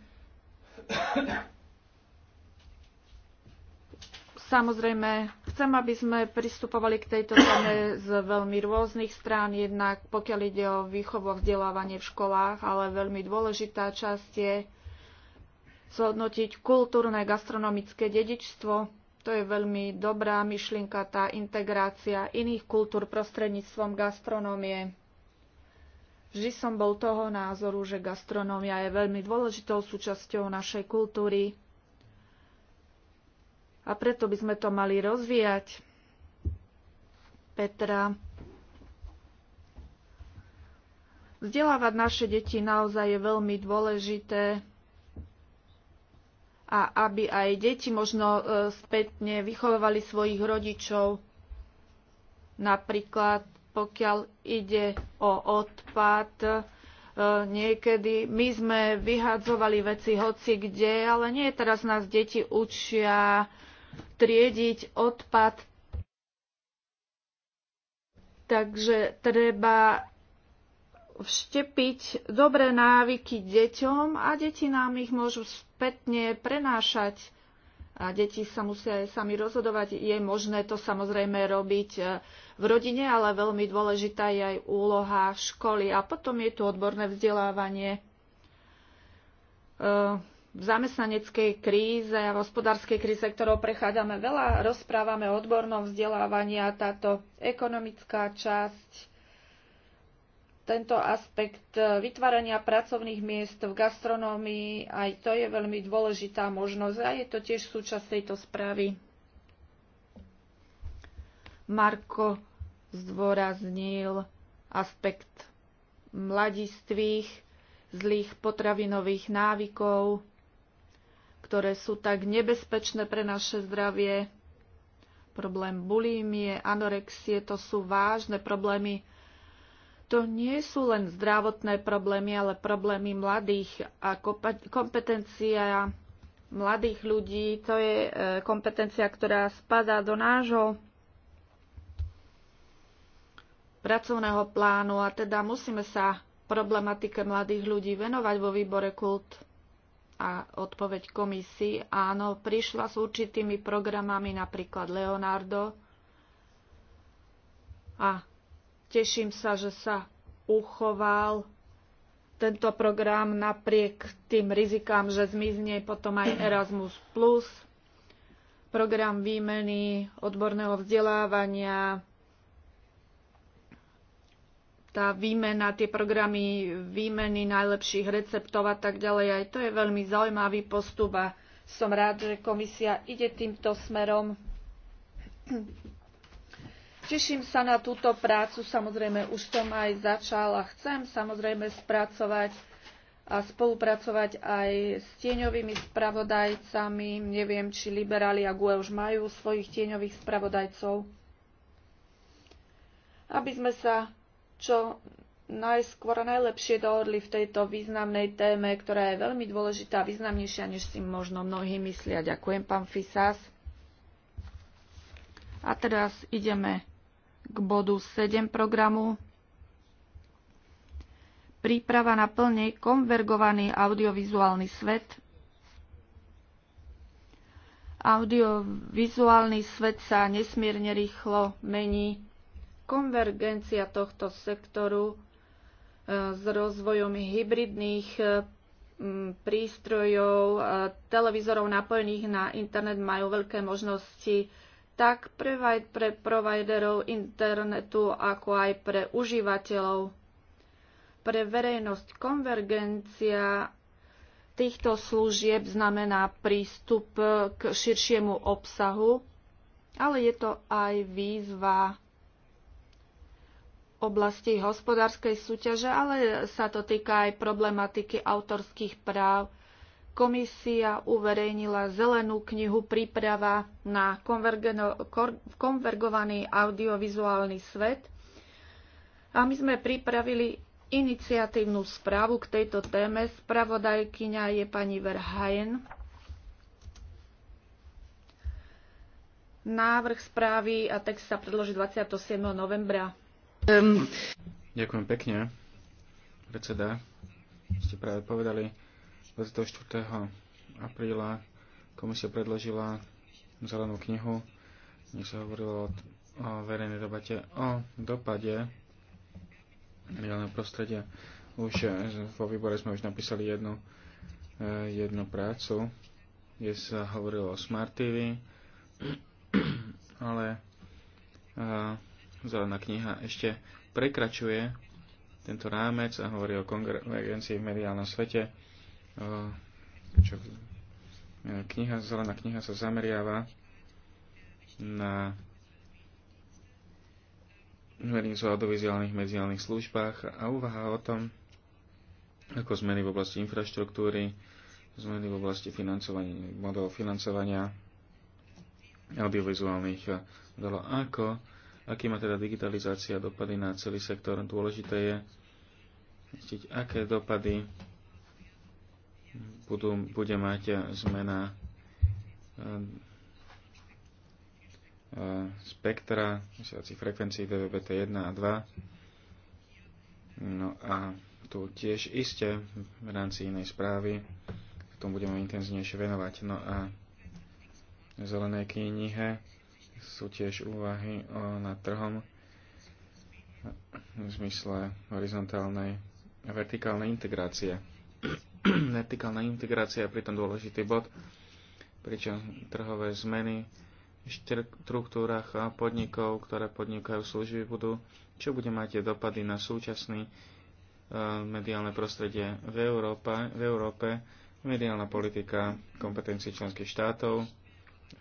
A: Samozrejme, chcem, aby sme pristupovali k tejto téme z veľmi rôznych strán, jednak pokiaľ ide o výchovu a vzdelávanie v školách, ale veľmi dôležitá časť je zhodnotiť kultúrne gastronomické dedičstvo to je veľmi dobrá myšlienka, tá integrácia iných kultúr prostredníctvom gastronómie. Vždy som bol toho názoru, že gastronómia je veľmi dôležitou súčasťou našej kultúry a preto by sme to mali rozvíjať. Petra, vzdelávať naše deti naozaj je veľmi dôležité a aby aj deti možno e, spätne vychovávali svojich rodičov. Napríklad pokiaľ ide o odpad, e, niekedy my sme vyhadzovali veci hoci kde, ale nie teraz nás deti učia triediť odpad. Takže treba vštepiť dobré návyky deťom a deti nám ich môžu spätne prenášať. A deti sa musia aj sami rozhodovať. Je možné to samozrejme robiť e, v rodine, ale veľmi dôležitá je aj úloha školy. A potom je tu odborné vzdelávanie. E, v zamestnaneckej kríze a v hospodárskej kríze, ktorou prechádzame veľa, rozprávame o odbornom vzdelávaní a táto ekonomická časť tento aspekt e, vytvárania pracovných miest v gastronómii, aj to je veľmi dôležitá možnosť a je to tiež súčasť tejto správy. Marko zdôraznil aspekt mladistvých, zlých potravinových návykov, ktoré sú tak nebezpečné pre naše zdravie. Problém bulímie, anorexie, to sú vážne problémy, to nie sú len zdravotné problémy, ale problémy mladých a kompetencia mladých ľudí. To je e, kompetencia, ktorá spadá do nášho pracovného plánu a teda musíme sa problematike mladých ľudí venovať vo výbore kult a odpoveď komisii. Áno, prišla s určitými programami, napríklad Leonardo a Teším sa, že sa uchoval tento program napriek tým rizikám, že zmizne potom aj *clears throat* Erasmus+, plus program výmeny odborného vzdelávania, tá výmena, tie programy výmeny najlepších receptov a tak ďalej. Aj to je veľmi zaujímavý postup a som rád, že komisia ide týmto smerom. Teším sa na túto prácu, samozrejme už som aj začal a chcem samozrejme spracovať a spolupracovať aj s tieňovými spravodajcami. Neviem, či liberáli a GUE už majú svojich tieňových spravodajcov. Aby sme sa čo najskôr a najlepšie dohodli v tejto významnej téme, ktorá je veľmi dôležitá, významnejšia, než si možno mnohí myslia. Ďakujem, pán Fisas. A teraz ideme k bodu 7 programu Príprava na plne konvergovaný audiovizuálny svet. Audiovizuálny svet sa nesmierne rýchlo mení. Konvergencia tohto sektoru e, s rozvojom hybridných e, prístrojov, e, televízorov napojených na internet majú veľké možnosti tak pre providerov internetu, ako aj pre užívateľov. Pre verejnosť konvergencia týchto služieb znamená prístup k širšiemu obsahu, ale je to aj výzva oblasti hospodárskej súťaže, ale sa to týka aj problematiky autorských práv Komisia uverejnila zelenú knihu Príprava na konvergovaný audiovizuálny svet a my sme pripravili iniciatívnu správu k tejto téme. Spravodajkyňa je pani Verhaen. Návrh správy a text sa predloží 27. novembra.
B: Ďakujem pekne, predseda. Ste práve povedali, 24. apríla komisia predložila zelenú knihu, kde sa hovorilo o, o verejnej debate o dopade reálneho prostredia. Už e, vo výbore sme už napísali jednu, e, jednu prácu, kde sa hovorilo o Smart TV, *clears throat* ale a, e, zelená kniha ešte prekračuje tento rámec a hovorí o konvergencii v mediálnom svete čo, e, kniha, zelená kniha sa zameriava na smernicu o audiovizuálnych mediálnych službách a uvaha o tom, ako zmeny v oblasti infraštruktúry, zmeny v oblasti financovania, modelu financovania audiovizuálnych modelov, ako, aký má teda digitalizácia dopady na celý sektor. Dôležité je zistiť, aké dopady budú, bude mať eh, zmena eh, eh, spektra vysielacích frekvencií VVBT1 a 2. No a tu tiež iste v rámci inej správy k tomu budeme intenzívnejšie venovať. No a v zelenej knihe sú tiež úvahy o, nad trhom v zmysle horizontálnej a vertikálnej integrácie. *clears throat* vertikálna integrácia je pritom dôležitý bod, pričom trhové zmeny v štruktúrach podnikov, ktoré podnikajú služby, budú, čo bude mať dopady na súčasný e, mediálne prostredie v Európe, v Európe mediálna politika kompetencií členských štátov.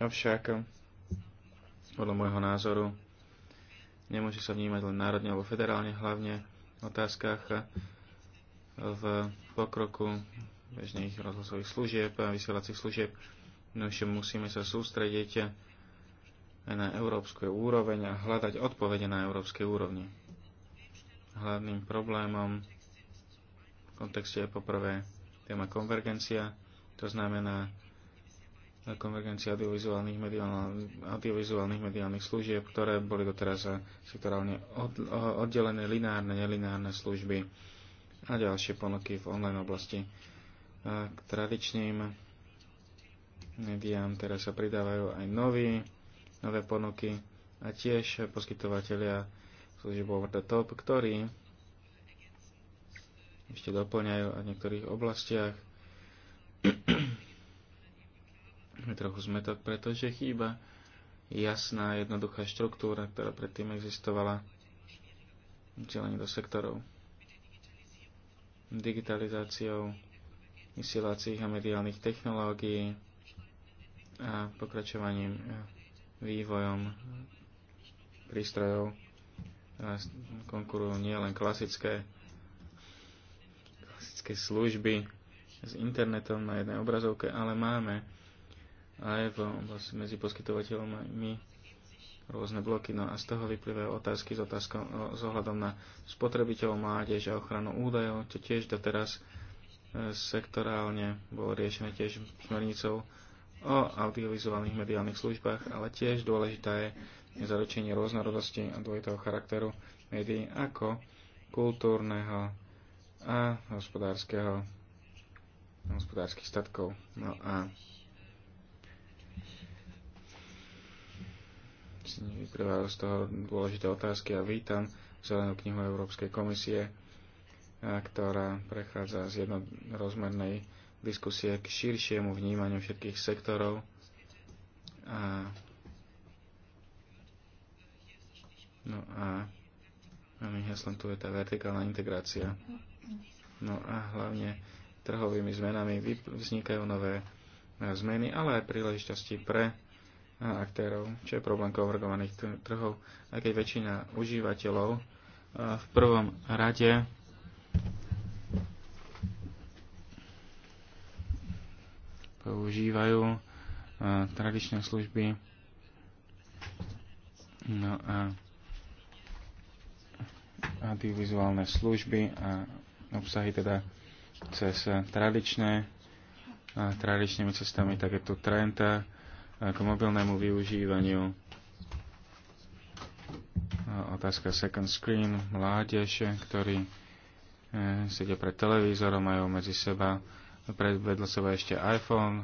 B: Avšak, podľa môjho názoru, nemôže sa vnímať len národne alebo federálne, hlavne v otázkach e, v pokroku bežných rozhlasových služieb a vysielacích služieb. No ešte musíme sa sústrediť aj na európskej úroveň a hľadať odpovede na európskej úrovni. Hlavným problémom v kontexte je poprvé téma konvergencia, to znamená konvergencia audiovizuálnych mediálnych, audiovizuálnych mediálnych služieb, ktoré boli doteraz sektorálne oddelené lineárne, nelineárne služby a ďalšie ponuky v online oblasti. k tradičným médiám teraz sa pridávajú aj noví, nové ponuky a tiež poskytovateľia služieb over the top, ktorí ešte doplňajú aj v niektorých oblastiach. Je *clears throat* trochu zmetok, pretože chýba jasná, jednoduchá štruktúra, ktorá predtým existovala v do sektorov digitalizáciou vysielacích a mediálnych technológií a pokračovaním e, vývojom prístrojov konkurujú nielen klasické, klasické služby s internetom na jednej obrazovke, ale máme aj v medzi poskytovateľmi rôzne bloky, no a z toho vyplývajú otázky s, otázkom, s ohľadom na spotrebiteľov mládež a ochranu údajov, čo tiež doteraz e, sektorálne bolo riešené tiež smernicou o audiovizuálnych mediálnych službách, ale tiež dôležitá je zaručenie rôznorodosti a dvojitého charakteru médií ako kultúrneho a hospodárskeho hospodárskych statkov. No a vyplývajú z toho dôležité otázky a vítam zelenú knihu Európskej komisie, ktorá prechádza z jednorozmernej diskusie k širšiemu vnímaniu všetkých sektorov a No a mým heslom tu je tá vertikálna integrácia. No a hlavne trhovými zmenami vznikajú nové zmeny, ale aj príležitosti pre aktérov, čo je problém konvergovaných trhov, aj keď väčšina užívateľov v prvom rade používajú tradičné služby. No a audiovizuálne služby a obsahy teda cez tradičné, tradičnými cestami, tak je tu trend k mobilnému využívaniu. Otázka second screen, mládež, ktorí e, sedia pred televízorom, majú medzi seba, predvedlo seba ešte iPhone,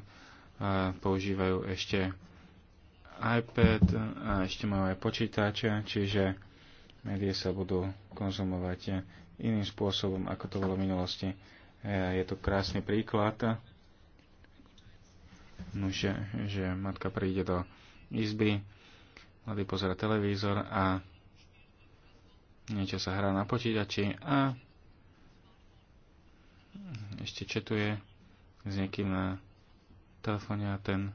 B: používajú ešte iPad a ešte majú aj počítače, čiže médiá sa budú konzumovať iným spôsobom, ako to bolo v minulosti. E, je to krásny príklad No, že, že matka príde do izby, mladý pozera televízor a niečo sa hrá na počítači a ešte četuje s niekým na telefóne a ten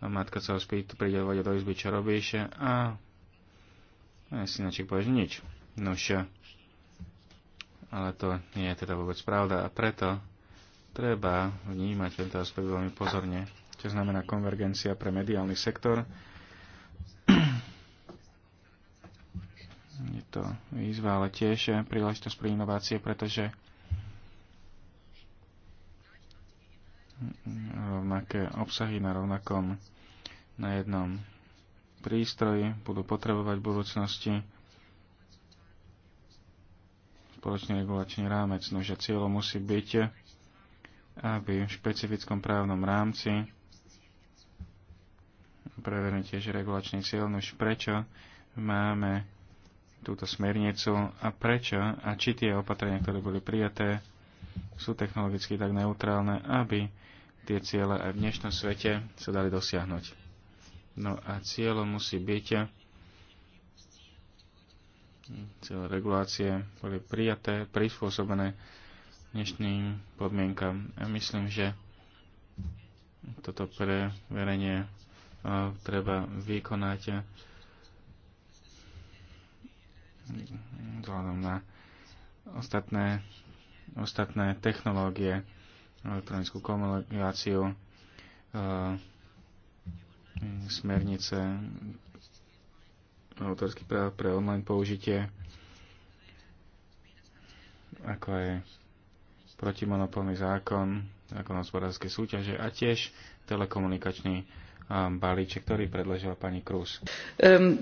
B: a matka sa ho spýta, príde vode do izby, čo robíš a, a synaček povie, že nič. Nuž, no, ale to nie je teda vôbec pravda a preto treba vnímať tento aspekt veľmi pozorne to znamená konvergencia pre mediálny sektor. *clears throat* Je to výzva, ale tiež príležitosť pre inovácie, pretože rovnaké obsahy na rovnakom na jednom prístroji budú potrebovať v budúcnosti spoločný regulačný rámec. Nože cieľom musí byť, aby v špecifickom právnom rámci preverím tiež regulačný cieľ, no už prečo máme túto smernicu a prečo a či tie opatrenia, ktoré boli prijaté, sú technologicky tak neutrálne, aby tie ciele aj v dnešnom svete sa dali dosiahnuť. No a cieľom musí byť celé regulácie boli prijaté, prispôsobené dnešným podmienkam. A myslím, že toto preverenie treba vykonať eh, vzhľadom na ostatné, ostatné technológie, elektronickú komunikáciu, eh, smernice autorský práv pre online použitie, ako je protimonopolný zákon, zákon o súťaže a tiež telekomunikačný balíček, ktorý predložila pani Krús. Ehm,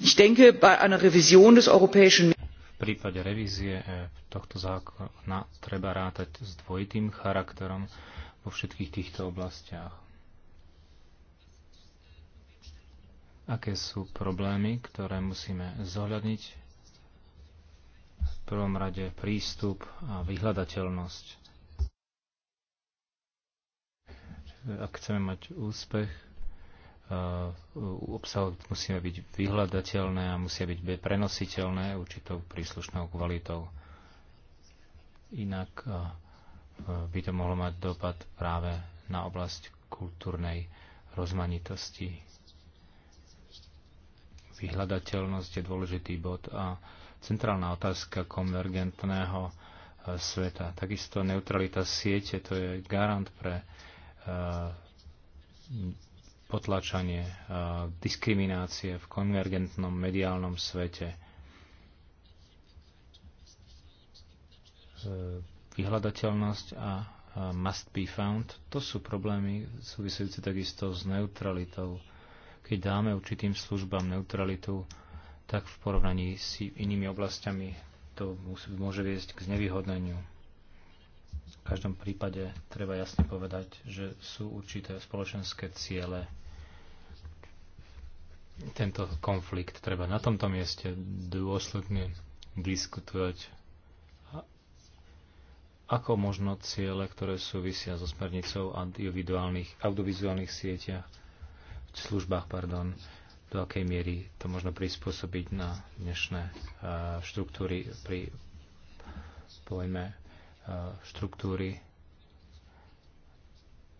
B: ich
A: denke, bei einer Revision des europäischen
C: v prípade revízie e, tohto zákona treba rátať s dvojitým charakterom vo všetkých týchto oblastiach. Aké sú problémy, ktoré musíme zohľadniť? V prvom rade prístup a vyhľadateľnosť. Ak chceme mať úspech, Eh, obsah musíme byť vyhľadateľné a musia byť prenositeľné určitou príslušnou kvalitou. Inak eh, by to mohlo mať dopad práve na oblasť kultúrnej rozmanitosti. Vyhľadateľnosť je dôležitý bod a centrálna otázka konvergentného eh, sveta. Takisto neutralita siete to je garant pre potlačanie e, diskriminácie v konvergentnom mediálnom svete. E, vyhľadateľnosť a e, must be found, to sú problémy súvisujúce takisto s neutralitou. Keď dáme určitým službám neutralitu, tak v porovnaní s inými oblastiami to môže viesť k znevýhodneniu v každom prípade treba jasne povedať, že sú určité spoločenské ciele. Tento konflikt treba na tomto mieste dôsledne diskutovať. Ako možno ciele, ktoré súvisia so smernicou audiovizuálnych, audiovizuálnych sieťach, službách, pardon, do akej miery to možno prispôsobiť na dnešné štruktúry pri pojme štruktúry.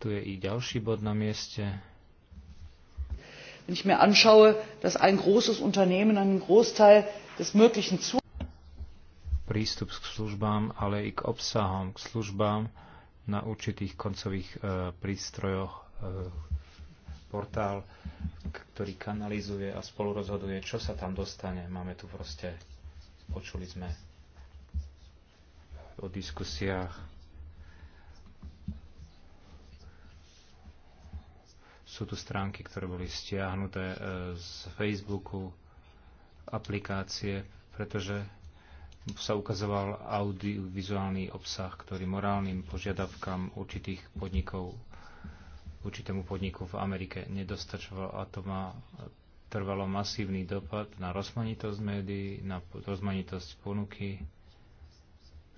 C: Tu je i ďalší bod na mieste.
A: Wenn ich mir anschaue, dass ein großes Unternehmen einen Großteil des möglichen zu
C: prístup k službám, ale i k obsahom, k službám na určitých koncových e, prístrojoch, e, portál, ktorý kanalizuje a spolurozhoduje, čo sa tam dostane. Máme tu proste, počuli sme o diskusiách. Sú tu stránky, ktoré boli stiahnuté e, z Facebooku, aplikácie, pretože sa ukazoval audiovizuálny obsah, ktorý morálnym požiadavkám určitých podnikov, určitému podniku v Amerike nedostačoval a to má trvalo masívny dopad na rozmanitosť médií, na rozmanitosť ponuky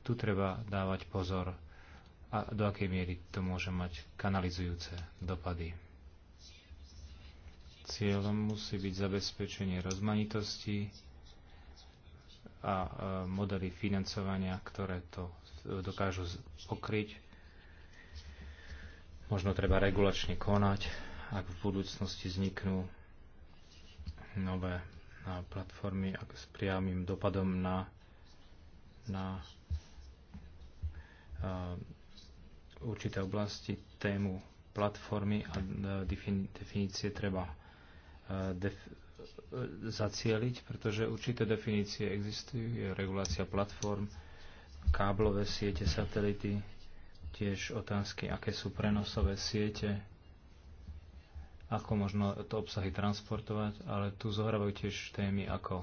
C: tu treba dávať pozor a do akej miery to môže mať kanalizujúce dopady. Cieľom musí byť zabezpečenie rozmanitosti a e, modely financovania, ktoré to dokážu pokryť. Možno treba regulačne konať, ak v budúcnosti vzniknú nové e, platformy s priamým dopadom na, na určité oblasti, tému platformy a definície treba def- zacieliť, pretože určité definície existujú, je regulácia platform, káblové siete, satelity, tiež otázky, aké sú prenosové siete, ako možno to obsahy transportovať, ale tu zohrávajú tiež témy ako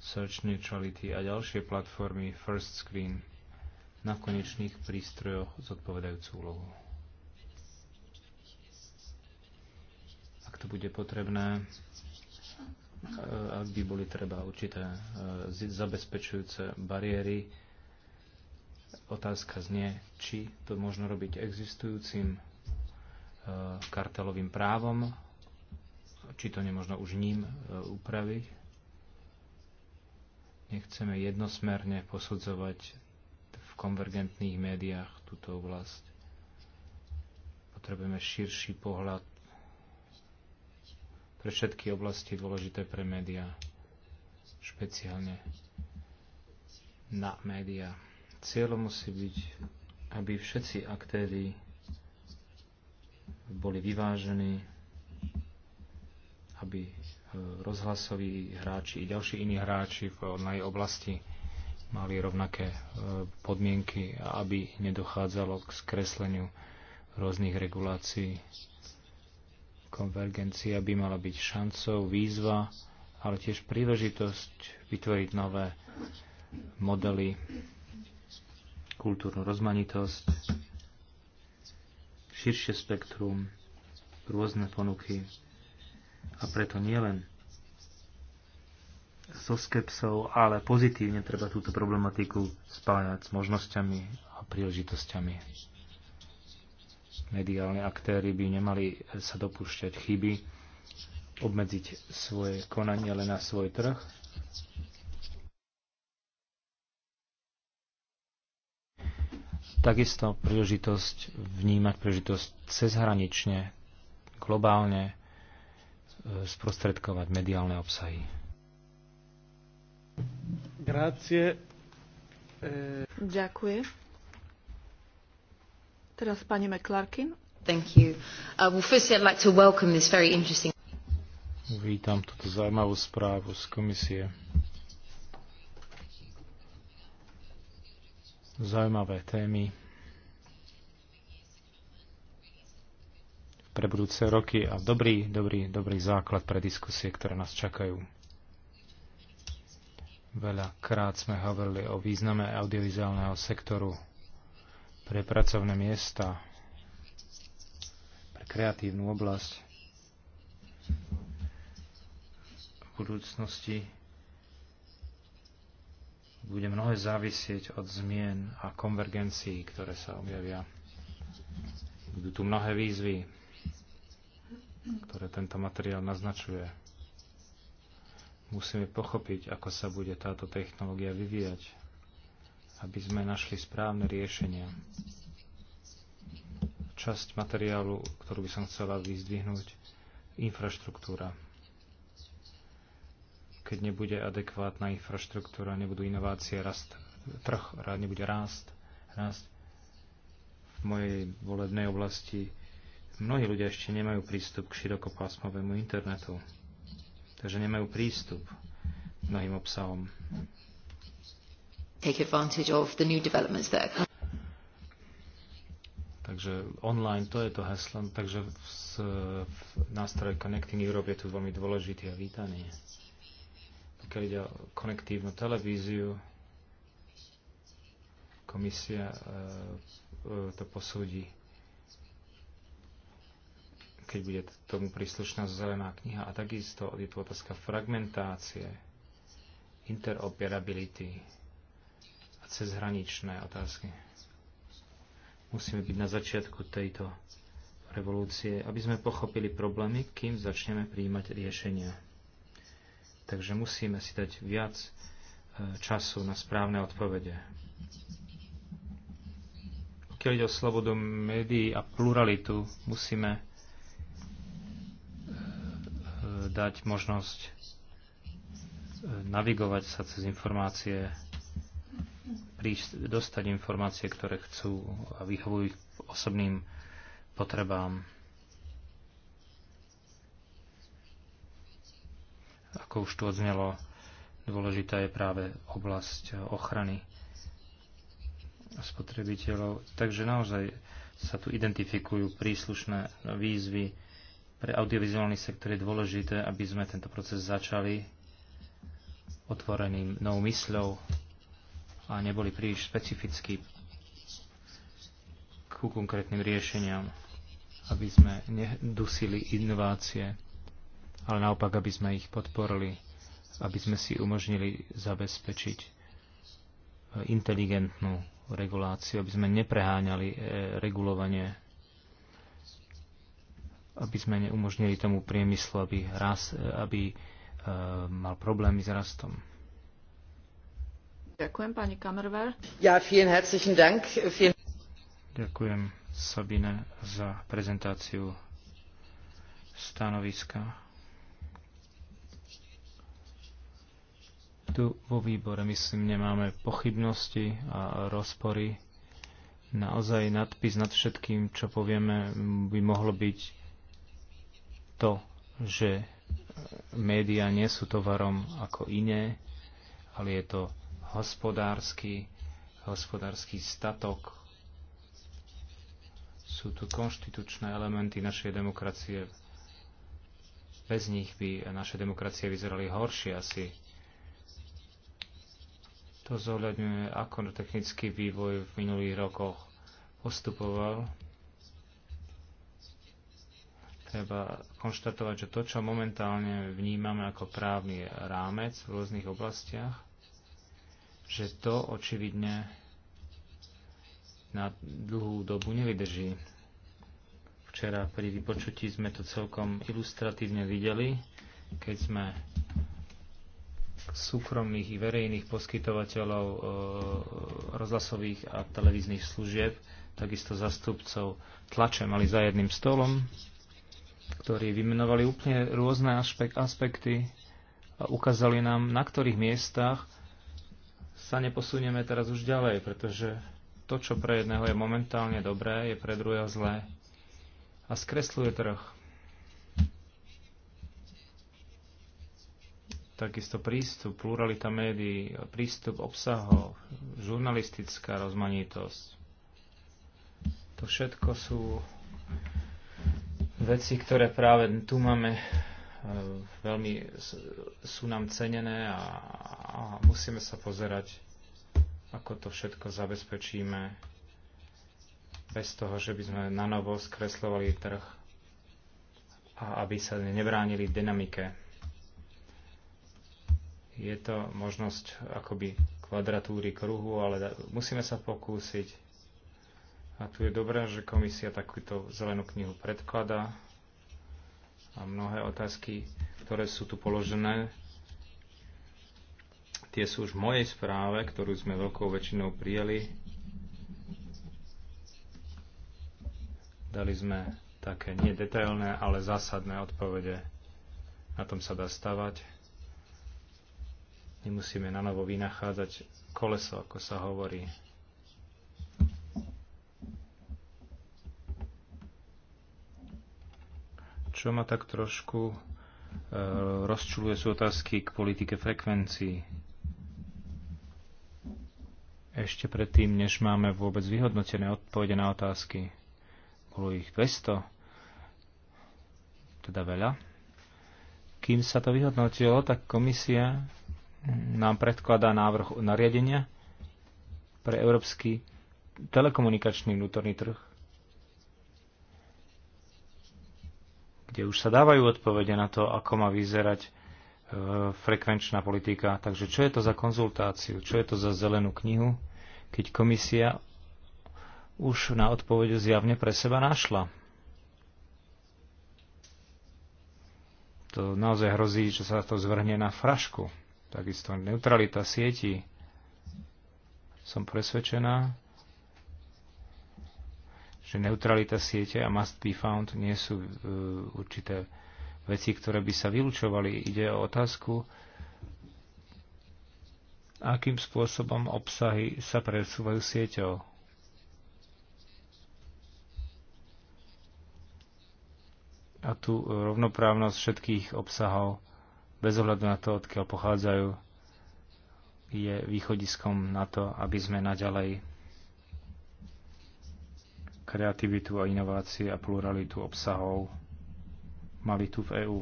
C: Search Neutrality a ďalšie platformy First Screen na konečných prístrojoch zodpovedajúcu úlohu. Ak to bude potrebné, eh, ak by boli treba určité eh, zabezpečujúce bariéry, otázka znie, či to možno robiť existujúcim eh, kartelovým právom, či to nemožno už ním upraviť. Nechceme jednosmerne posudzovať v konvergentných médiách túto oblasť. Potrebujeme širší pohľad pre všetky oblasti dôležité pre médiá, špeciálne na médiá. Cieľom musí byť, aby všetci aktéry boli vyvážení, aby e, rozhlasoví hráči i ďalší iní hráči v oblasti mali rovnaké e, podmienky, aby nedochádzalo k skresleniu rôznych regulácií. Konvergencia by mala byť šancou, výzva, ale tiež príležitosť vytvoriť nové modely, kultúrnu rozmanitosť, širšie spektrum, rôzne ponuky. A preto nielen so skepsou, ale pozitívne treba túto problematiku spájať s možnosťami a príležitosťami. Mediálne aktéry by nemali sa dopúšťať chyby, obmedziť svoje konanie len na svoj trh. Takisto príležitosť vnímať príležitosť cezhranične, globálne, e, sprostredkovať mediálne obsahy. Grazie. Eh.
A: Ďakujem. Teraz pani McClarkin. Thank you. Uh, well, firstly, I'd like to welcome this very interesting...
C: Vítam túto zaujímavú správu z komisie. Zaujímavé témy pre budúce roky a dobrý, dobrý, dobrý základ pre diskusie, ktoré nás čakajú. Veľa krát sme hovorili o význame audiovizuálneho sektoru pre pracovné miesta, pre kreatívnu oblasť. V budúcnosti bude mnohé závisieť od zmien a konvergencií, ktoré sa objavia. Budú tu mnohé výzvy, ktoré tento materiál naznačuje. Musíme pochopiť, ako sa bude táto technológia vyvíjať, aby sme našli správne riešenia. Časť materiálu, ktorú by som chcela vyzdvihnúť, infraštruktúra. Keď nebude adekvátna infraštruktúra, nebudú inovácie, rast, trh nebude rást, rást. V mojej volebnej oblasti mnohí ľudia ešte nemajú prístup k širokopásmovému internetu takže nemajú prístup k mnohým obsahom. Take advantage of the new developments that are Takže online, to je to heslo. Takže v, v nástroj Connecting Europe je tu veľmi dôležitý a vítaný. Pokiaľ ide o konektívnu televíziu, komisia e, e, to posúdi keď bude tomu príslušná zelená kniha. A takisto je tu otázka fragmentácie, interoperability a cezhraničné otázky. Musíme byť na začiatku tejto revolúcie, aby sme pochopili problémy, kým začneme príjmať riešenia. Takže musíme si dať viac e, času na správne odpovede. Pokiaľ ide o slobodu médií a pluralitu, musíme dať možnosť e, navigovať sa cez informácie, prísť, dostať informácie, ktoré chcú a vyhovujú ich osobným potrebám. Ako už tu odznelo, dôležitá je práve oblasť ochrany spotrebiteľov. Takže naozaj sa tu identifikujú príslušné výzvy, pre audiovizuálny sektor je dôležité, aby sme tento proces začali otvoreným novou mysľou a neboli príliš špecificky ku konkrétnym riešeniam, aby sme nedusili inovácie, ale naopak, aby sme ich podporili, aby sme si umožnili zabezpečiť e, inteligentnú reguláciu, aby sme nepreháňali e, regulovanie aby sme neumožnili tomu priemyslu, aby, raz, e, aby e, mal problémy s rastom.
A: Ďakujem, pani Kamerver. Ja, vielen
C: herzlichen
B: Dank. Vielen...
C: Ďakujem, Sabine, za prezentáciu stanoviska. Tu vo výbore, myslím, nemáme pochybnosti a rozpory. Naozaj nadpis nad všetkým, čo povieme, by mohlo byť to, že médiá nie sú tovarom ako iné, ale je to hospodársky, hospodársky statok. Sú tu konštitučné elementy našej demokracie. Bez nich by naše demokracie vyzerali horšie asi. To zohľadňuje, ako technický vývoj v minulých rokoch postupoval treba konštatovať, že to, čo momentálne vnímame ako právny rámec v rôznych oblastiach, že to očividne na dlhú dobu nevydrží. Včera pri vypočutí sme to celkom ilustratívne videli, keď sme súkromných i verejných poskytovateľov e, rozhlasových a televíznych služieb, takisto zastupcov tlače mali za jedným stolom ktorí vymenovali úplne rôzne aspekty a ukázali nám, na ktorých miestach sa neposunieme teraz už ďalej, pretože to, čo pre jedného je momentálne dobré, je pre druhého zlé a skresluje trh. Takisto prístup, pluralita médií, prístup obsahov, žurnalistická rozmanitosť. To všetko sú veci, ktoré práve tu máme, e, veľmi sú nám cenené a, a musíme sa pozerať, ako to všetko zabezpečíme bez toho, že by sme na novo skreslovali trh a aby sa nebránili dynamike. Je to možnosť akoby kvadratúry kruhu, ale musíme sa pokúsiť a tu je dobré, že komisia takúto zelenú knihu predkladá a mnohé otázky, ktoré sú tu položené, tie sú už v mojej správe, ktorú sme veľkou väčšinou prijeli. Dali sme také nie ale zásadné odpovede. Na tom sa dá stavať. Nemusíme na novo vynachádzať koleso, ako sa hovorí. Čo ma tak trošku e, rozčuluje sú otázky k politike frekvencií. Ešte predtým, než máme vôbec vyhodnotené odpovede na otázky, bolo ich 200, teda veľa. Kým sa to vyhodnotilo, tak komisia nám predkladá návrh nariadenia pre európsky telekomunikačný vnútorný trh, kde už sa dávajú odpovede na to, ako má vyzerať e, frekvenčná politika. Takže čo je to za konzultáciu, čo je to za zelenú knihu, keď komisia už na odpovede zjavne pre seba našla. To naozaj hrozí, že sa to zvrhne na frašku. Takisto neutralita sieti. Som presvedčená, že neutralita siete a must be found nie sú e, určité veci, ktoré by sa vylúčovali. Ide o otázku, akým spôsobom obsahy sa presúvajú sieťou. A tu rovnoprávnosť všetkých obsahov, bez ohľadu na to, odkiaľ pochádzajú, je východiskom na to, aby sme naďalej kreativitu a inovácie a pluralitu obsahov mali tu v EÚ.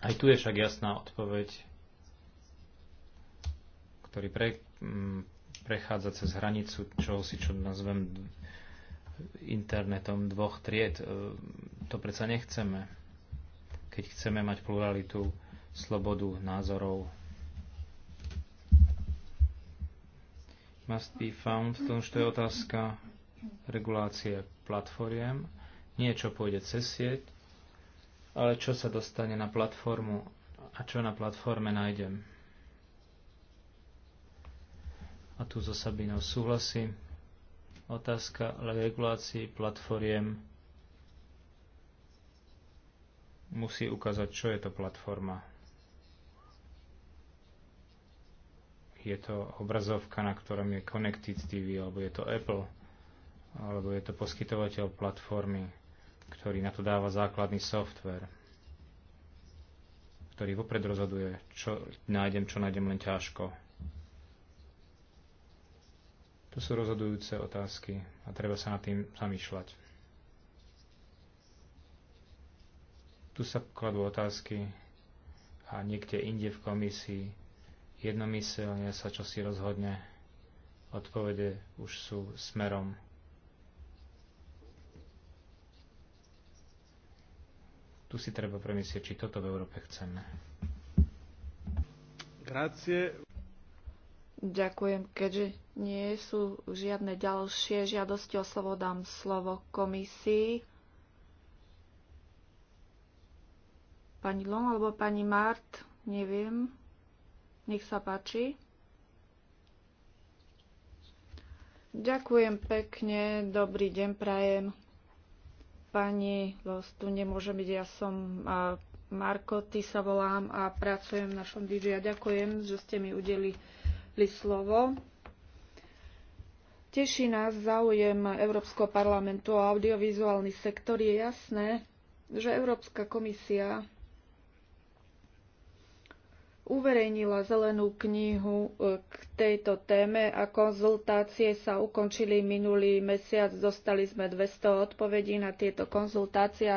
C: Aj tu je však jasná odpoveď, ktorý pre, m, mm, prechádza cez hranicu čo si čo nazvem internetom dvoch tried. E, to predsa nechceme. Keď chceme mať pluralitu, slobodu názorov, must be found, to už to je otázka regulácie platformiem. Nie čo pôjde cez sieť, ale čo sa dostane na platformu a čo na platforme nájdem. A tu so Sabinou súhlasím. Otázka regulácii platformiem musí ukázať, čo je to platforma. je to obrazovka, na ktorom je Connected TV, alebo je to Apple, alebo je to poskytovateľ platformy, ktorý na to dáva základný software, ktorý vopred rozhoduje, čo nájdem, čo nájdem len ťažko. To sú rozhodujúce otázky a treba sa nad tým zamýšľať. Tu sa kladú otázky a niekde inde v komisii jednomyselne sa čo si rozhodne. Odpovede už sú smerom. Tu si treba premyslieť, či toto v Európe chceme. Grazie.
A: Ďakujem. Keďže nie sú žiadne ďalšie žiadosti o slovo, dám slovo komisii. Pani Long alebo pani Mart, neviem. Nech sa páči. Ďakujem pekne, dobrý deň prajem. Pani Los, tu nemôže byť, ja som Marko, ty sa volám a pracujem v našom DJ. Ja ďakujem, že ste mi udelili slovo. Teší nás záujem Európskeho parlamentu a audiovizuálny sektor. Je jasné, že Európska komisia uverejnila zelenú knihu e, k tejto téme a konzultácie sa ukončili minulý mesiac. Dostali sme 200 odpovedí na tieto konzultácie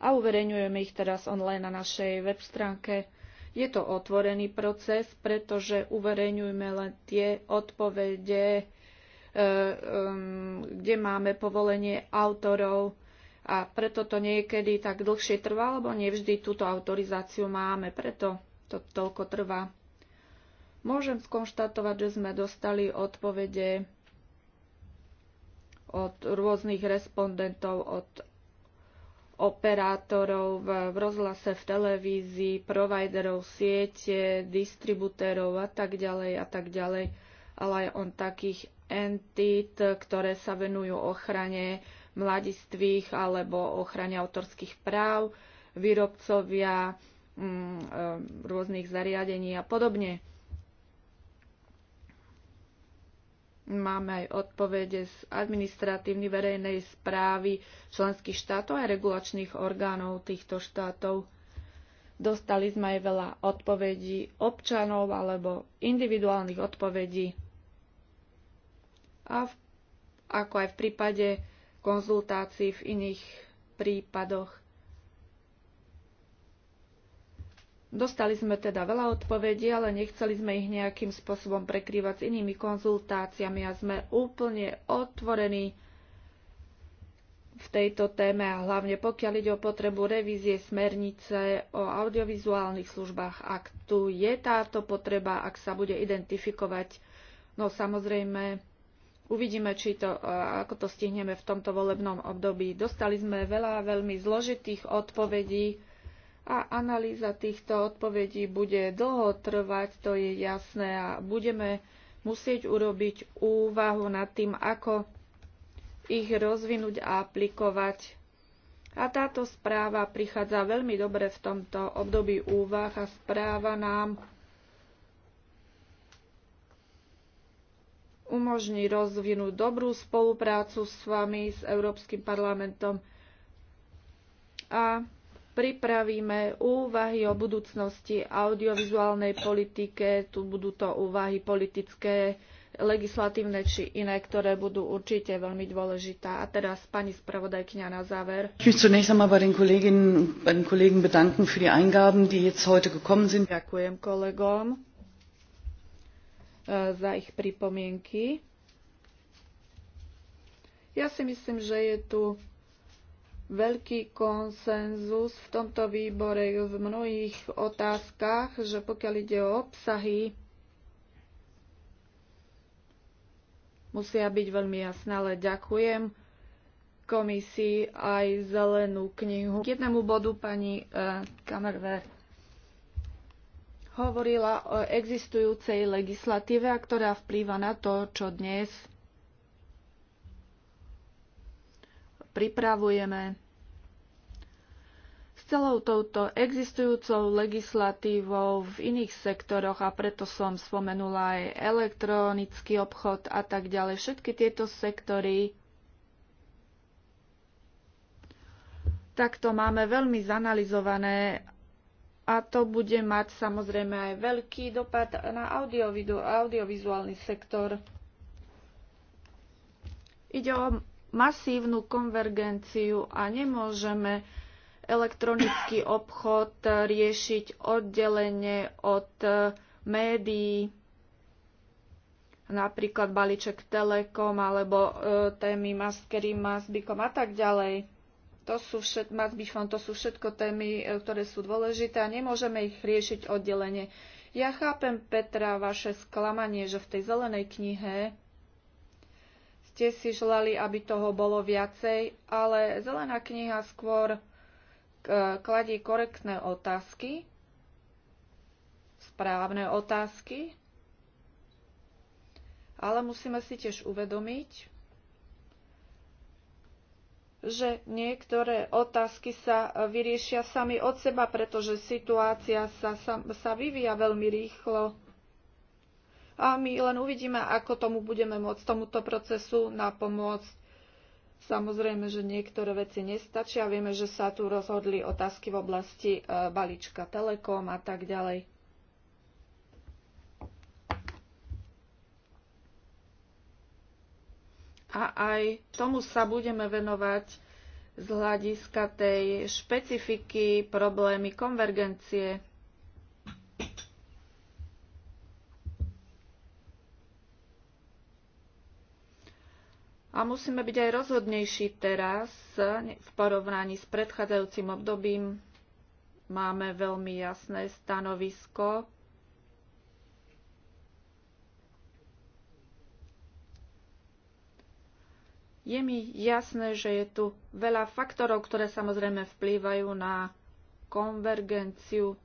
A: a uverejňujeme ich teraz online na našej web stránke. Je to otvorený proces, pretože uverejňujeme len tie odpovede, e, kde máme povolenie autorov a preto to niekedy tak dlhšie trvá, lebo nevždy túto autorizáciu máme. Preto to toľko trvá. Môžem skonštatovať, že sme dostali odpovede od rôznych respondentov, od operátorov v rozhlase, v televízii, providerov siete, distributérov a tak ďalej a tak ďalej, ale aj on takých entít, ktoré sa venujú ochrane mladistvých alebo ochrane autorských práv, výrobcovia Mm, e, rôznych zariadení a podobne. Máme aj odpovede z administratívny verejnej správy členských štátov a regulačných orgánov týchto štátov. Dostali sme aj veľa odpovedí občanov alebo individuálnych odpovedí. A v, ako aj v prípade konzultácií v iných prípadoch Dostali sme teda veľa odpovedí, ale nechceli sme ich nejakým spôsobom prekrývať s inými konzultáciami a sme úplne otvorení v tejto téme a hlavne pokiaľ ide o potrebu revízie smernice o audiovizuálnych službách, ak tu je táto potreba, ak sa bude identifikovať. No samozrejme, uvidíme, či to, e, ako to stihneme v tomto volebnom období. Dostali sme veľa veľmi zložitých odpovedí, a analýza týchto odpovedí bude dlho trvať, to je jasné a budeme musieť urobiť úvahu nad tým, ako ich rozvinúť a aplikovať. A táto správa prichádza veľmi dobre v tomto období úvah a správa nám umožní rozvinúť dobrú spoluprácu s vami, s Európskym parlamentom a pripravíme úvahy o budúcnosti audiovizuálnej politike, tu budú to úvahy politické, legislatívne či iné, ktoré budú určite veľmi dôležité. A teraz pani spravodajkňa na záver. Ďakujem kolegom eh, za ich pripomienky. Ja si myslím, že je tu veľký konsenzus v tomto výbore v mnohých otázkach, že pokiaľ ide o obsahy, musia byť veľmi jasné, ale ďakujem komisii aj zelenú knihu. K jednému bodu pani uh, e, Kamerver hovorila o existujúcej legislatíve, ktorá vplýva na to, čo dnes pripravujeme celou touto existujúcou legislatívou v iných sektoroch a preto som spomenula aj elektronický obchod a tak ďalej. Všetky tieto sektory takto máme veľmi zanalizované a to bude mať samozrejme aj veľký dopad na audiovizuálny sektor. Ide o masívnu konvergenciu a nemôžeme elektronický obchod riešiť oddelenie od e, médií, napríklad balíček Telekom alebo e, témy maskery, masbykom a tak ďalej. To sú, všet, Masbychom, to sú všetko témy, e, ktoré sú dôležité a nemôžeme ich riešiť oddelenie. Ja chápem, Petra, vaše sklamanie, že v tej zelenej knihe ste si želali, aby toho bolo viacej, ale zelená kniha skôr kladie korektné otázky, správne otázky, ale musíme si tiež uvedomiť, že niektoré otázky sa vyriešia sami od seba, pretože situácia sa, sa, sa vyvíja veľmi rýchlo. A my len uvidíme, ako tomu budeme môcť tomuto procesu napomôcť. Samozrejme, že niektoré veci nestačia. Vieme, že sa tu rozhodli otázky v oblasti e, balíčka Telekom a tak ďalej. A aj tomu sa budeme venovať z hľadiska tej špecifiky problémy konvergencie A musíme byť aj rozhodnejší teraz v porovnaní s predchádzajúcim obdobím. Máme veľmi jasné stanovisko. Je mi jasné, že je tu veľa faktorov, ktoré samozrejme vplývajú na konvergenciu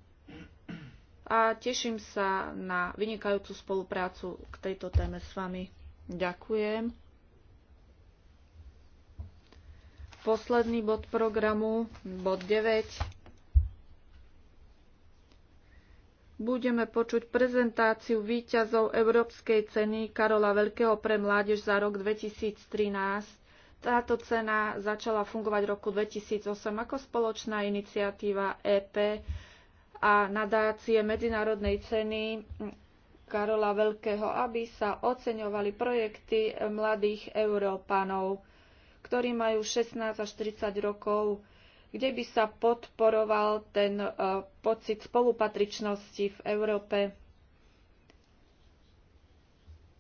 A: a teším sa na vynikajúcu spoluprácu k tejto téme s vami. Ďakujem. posledný bod programu, bod 9. Budeme počuť prezentáciu výťazov Európskej ceny Karola Veľkého pre mládež za rok 2013. Táto cena začala fungovať v roku 2008 ako spoločná iniciatíva EP a nadácie Medzinárodnej ceny Karola Veľkého, aby sa oceňovali projekty mladých Európanov ktorí majú 16 až 30 rokov, kde by sa podporoval ten e, pocit spolupatričnosti v Európe.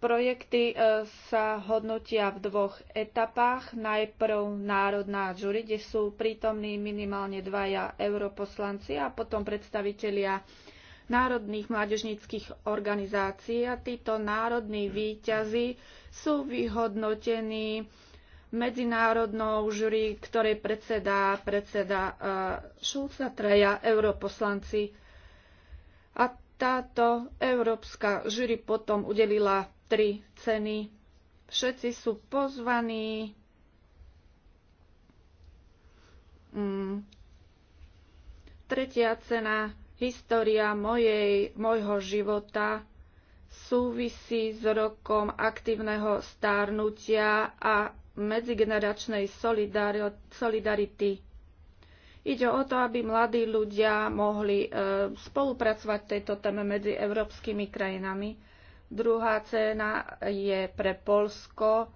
A: Projekty e, sa hodnotia v dvoch etapách. Najprv národná žury, kde sú prítomní minimálne dvaja europoslanci a potom predstavitelia národných mládežnických organizácií a títo národní výťazy sú vyhodnotení medzinárodnou žury, ktorej predseda, predseda eh, Šulca, traja europoslanci. A táto európska žury potom udelila tri ceny. Všetci sú pozvaní. Mm, tretia cena, história mojej, mojho života súvisí s rokom aktívneho stárnutia a medzigeneračnej solidarity. Ide o to, aby mladí ľudia mohli e, spolupracovať v tejto téme medzi európskymi krajinami. Druhá cena je pre Polsko,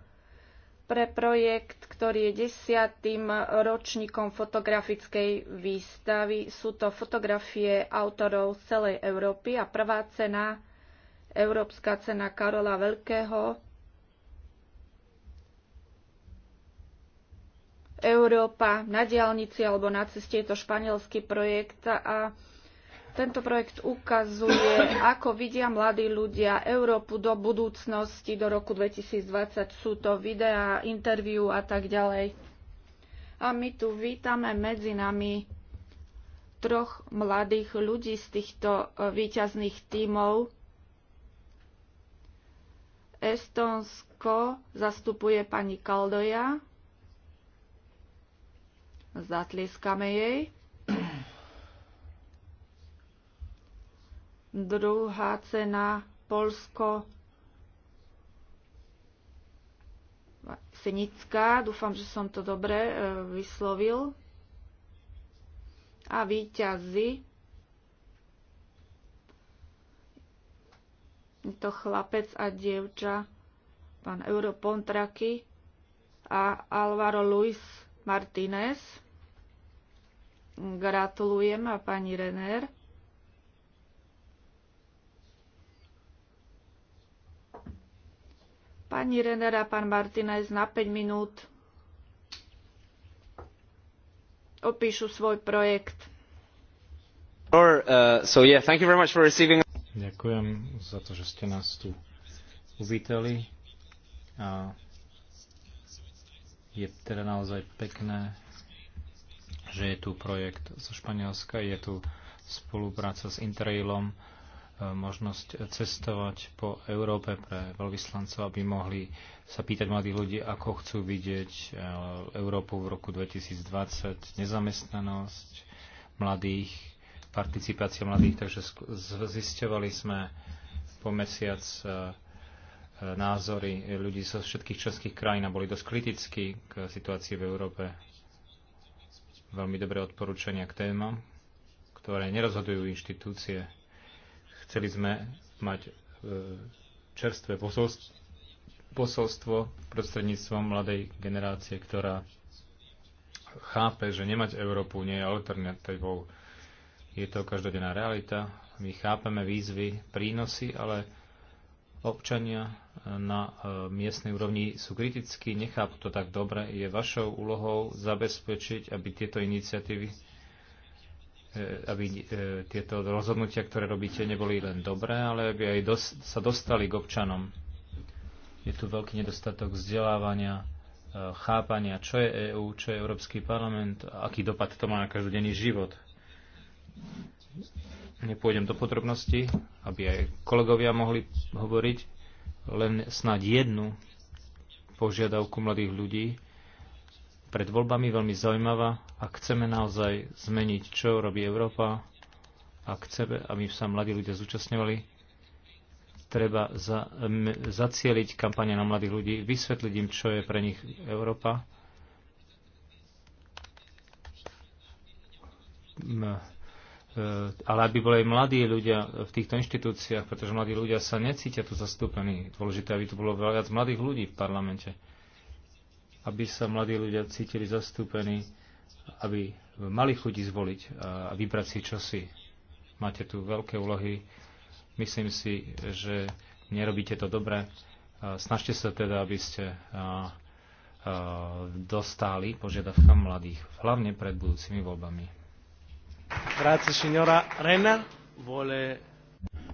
A: pre projekt, ktorý je desiatým ročníkom fotografickej výstavy. Sú to fotografie autorov z celej Európy a prvá cena, Európska cena Karola Veľkého, Európa na diálnici alebo na ceste. Je to španielský projekt a tento projekt ukazuje, ako vidia mladí ľudia Európu do budúcnosti, do roku 2020. Sú to videá, interviu a tak ďalej. A my tu vítame medzi nami troch mladých ľudí z týchto e, výťazných tímov. Estonsko zastupuje pani Kaldoja, Zatlieskame jej. Druhá cena Polsko Senická. Dúfam, že som to dobre e, vyslovil. A výťazí. Je to chlapec a dievča, pán Europontraky a Alvaro Luis Martínez. Gratulujem a pani Renér. Pani Renér a pán Martinez na 5 minút opíšu svoj projekt.
C: Ďakujem za to, že ste nás tu uvítali a je teda naozaj pekné, že je tu projekt zo Španielska, je tu spolupráca s Interrailom, e, možnosť cestovať po Európe pre veľvyslancov, aby mohli sa pýtať mladých ľudí, ako chcú vidieť e, Európu v roku 2020, nezamestnanosť mladých, participácia mladých. Takže zistovali sme po mesiac e, názory ľudí zo všetkých členských krajín a boli dosť kritickí k situácii v Európe. Veľmi dobré odporúčania k témam, ktoré nerozhodujú inštitúcie. Chceli sme mať e, čerstvé posolstvo prostredníctvom mladej generácie, ktorá chápe, že nemať Európu nie je alternatívou. Je to každodenná realita. My chápeme výzvy, prínosy, ale občania e, na e, miestnej úrovni sú kritickí, nechápu to tak dobre. Je vašou úlohou zabezpečiť, aby tieto iniciatívy, e, aby tieto rozhodnutia, ktoré robíte, neboli len dobré, ale aby aj dos- sa dostali k občanom. Je tu veľký nedostatok vzdelávania, chápania, čo je EÚ, čo je Európsky parlament, aký dopad to má na každodenný život. Nepôjdem do podrobnosti, aby aj kolegovia mohli hovoriť, len snáď jednu požiadavku mladých ľudí. Pred voľbami veľmi zaujímavá, a chceme naozaj zmeniť, čo robí Európa, a chceme, aby sa mladí ľudia zúčastňovali, treba za, m, zacieliť kampane na mladých ľudí, vysvetliť im, čo je pre nich Európa. M, E, ale aby boli aj mladí ľudia v týchto inštitúciách, pretože mladí ľudia sa necítia tu zastúpení. Dôležité, aby tu bolo viac mladých ľudí v parlamente. Aby sa mladí ľudia cítili zastúpení, aby mali ľudí zvoliť a vybrať si čosi. Máte tu veľké úlohy. Myslím si, že nerobíte to dobre. Snažte sa teda, aby ste dostali požiadavkám mladých, hlavne pred budúcimi voľbami. Grazie signora Renner. Vole...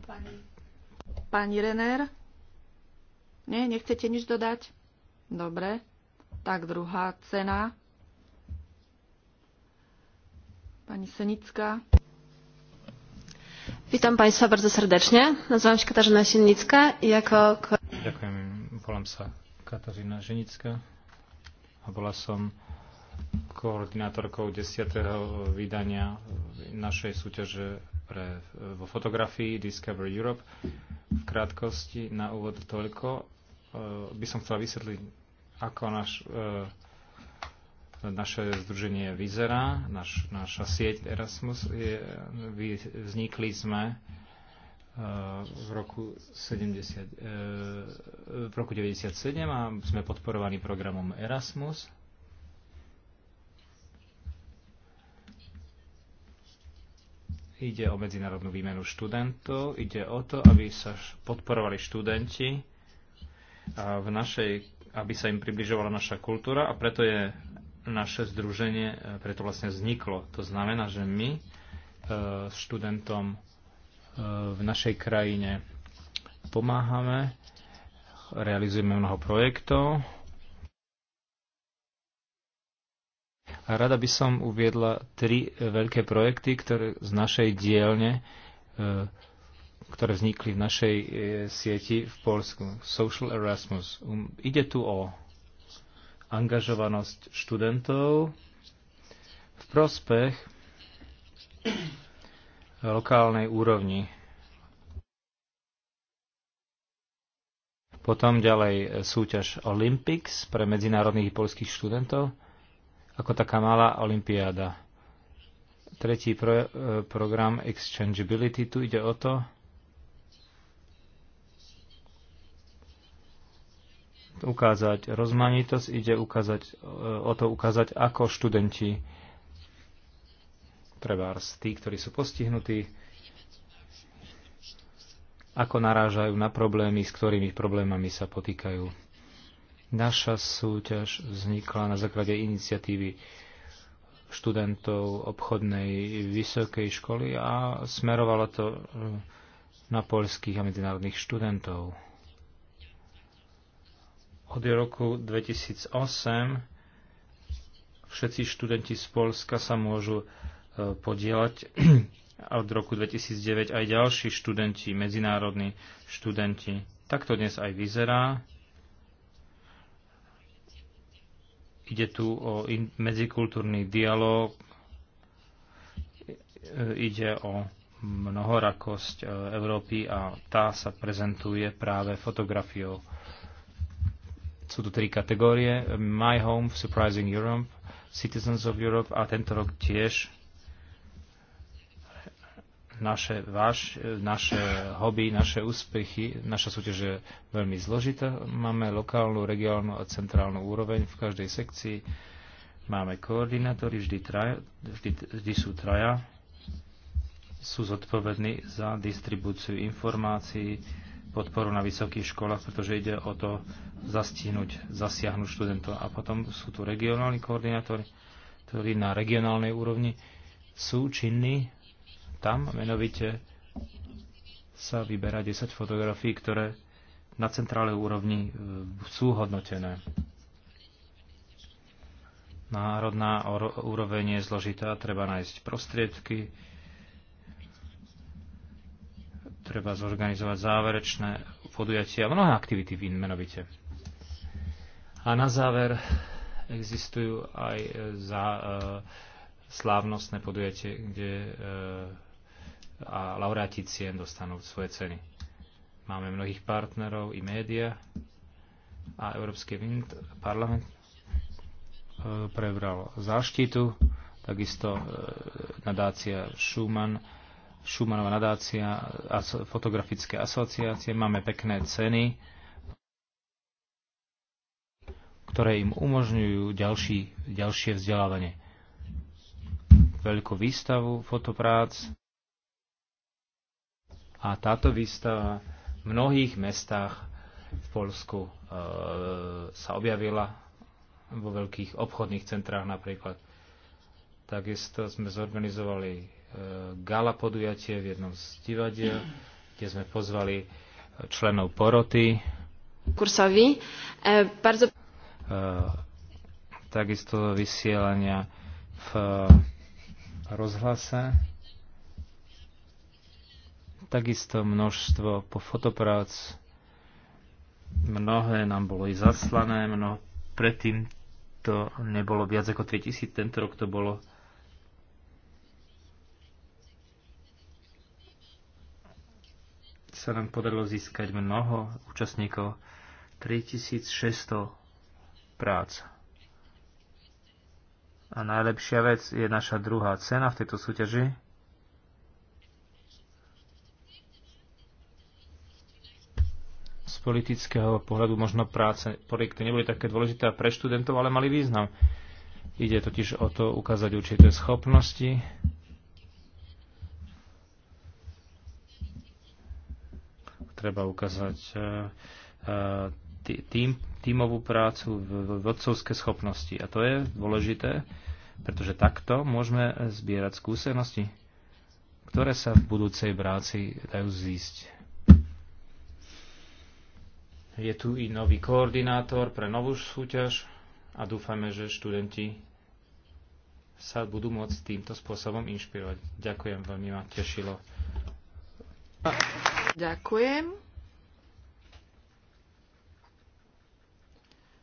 A: Pani, pani Renner? Nie, nechcete nič dodať? Dobre. Tak druhá cena. Pani Senická. Witam Państwa bardzo serdecznie. Nazywam się Katarzyna Sienicka i jako...
C: Ďakujem. Volám sa Katarzyna Ženická a bola som koordinátorkou 10. vydania našej súťaže pre, vo fotografii Discover Europe. V krátkosti na úvod toľko. E, by som chcel vysvetliť, ako naš, e, naše združenie vyzerá. Naš, naša sieť Erasmus je, vznikli sme e, v roku, 70, v roku 97 a sme podporovaní programom Erasmus Ide o medzinárodnú výmenu študentov, ide o to, aby sa podporovali študenti a v našej, aby sa im približovala naša kultúra a preto je naše združenie, e, preto vlastne vzniklo. To znamená, že my e, študentom e, v našej krajine pomáhame, realizujeme mnoho projektov, Rada by som uviedla tri veľké projekty, ktoré z našej dielne, e, ktoré vznikli v našej e, sieti v Polsku. Social Erasmus. Um, ide tu o angažovanosť študentov v prospech lokálnej úrovni. Potom ďalej e, súťaž Olympics pre medzinárodných polských študentov ako taká malá olimpiáda. Tretí pro, e, program Exchangeability, tu ide o to, ukázať rozmanitosť, ide ukázať, e, o to ukázať, ako študenti, treba tí, ktorí sú postihnutí, ako narážajú na problémy, s ktorými problémami sa potýkajú Naša súťaž vznikla na základe iniciatívy študentov obchodnej vysokej školy a smerovala to eh, na poľských a medzinárodných študentov. Od roku 2008 všetci študenti z Polska sa môžu eh, podielať a od roku 2009 aj ďalší študenti, medzinárodní študenti. Tak to dnes aj vyzerá Ide tu o medzikultúrny dialog, ide o mnohorakosť e, Európy a tá sa prezentuje práve fotografiou. Sú tu tri kategórie. My Home, Surprising Europe, Citizens of Europe a tento rok tiež naše, váš, naše hobby, naše úspechy. Naša súťaž je veľmi zložitá. Máme lokálnu, regionálnu a centrálnu úroveň v každej sekcii. Máme koordinátory, vždy, traja, vždy, vždy sú traja. Sú zodpovední za distribúciu informácií, podporu na vysokých školách, pretože ide o to zastihnúť, zasiahnuť študentov. A potom sú tu regionálni koordinátori, ktorí na regionálnej úrovni sú činní tam menovite sa vyberá 10 fotografií, ktoré na centrále úrovni e, sú hodnotené. Národná úroveň je zložitá, treba nájsť prostriedky, treba zorganizovať záverečné podujatia, mnohé aktivity v menovite. A na záver existujú aj e, za, e, slávnostné podujatie, kde e, a laureáti cien dostanú svoje ceny. Máme mnohých partnerov i média a Európsky parlament e, prebral záštitu, takisto e, nadácia Schumann, Schumannova nadácia, fotografické asociácie, máme pekné ceny, ktoré im umožňujú ďalší, ďalšie vzdelávanie. Veľkú výstavu fotoprác, a táto výstava v mnohých mestách v Polsku e, sa objavila vo veľkých obchodných centrách napríklad. Takisto sme zorganizovali e, gala podujatie v jednom z divadiel, kde sme pozvali členov poroty.
A: Kursový. E, bardzo... e,
C: takisto vysielania v rozhlase takisto množstvo po fotoprác. Mnohé nám bolo i zaslané, mno, predtým to nebolo viac ako 3000, tento rok to bolo sa nám podarilo získať mnoho účastníkov, 3600 prác. A najlepšia vec je naša druhá cena v tejto súťaži, politického pohľadu možno práce, projekty neboli také dôležité a pre študentov, ale mali význam. Ide totiž o to ukázať určité schopnosti, treba ukázať eh, eh, tým, tímovú prácu, vodcovské schopnosti. A to je dôležité, pretože takto môžeme zbierať skúsenosti, ktoré sa v budúcej práci dajú zísť. Je tu i nový koordinátor pre novú súťaž a dúfame, že študenti sa budú môcť týmto spôsobom inšpirovať. Ďakujem, veľmi ma tešilo.
A: Ďakujem.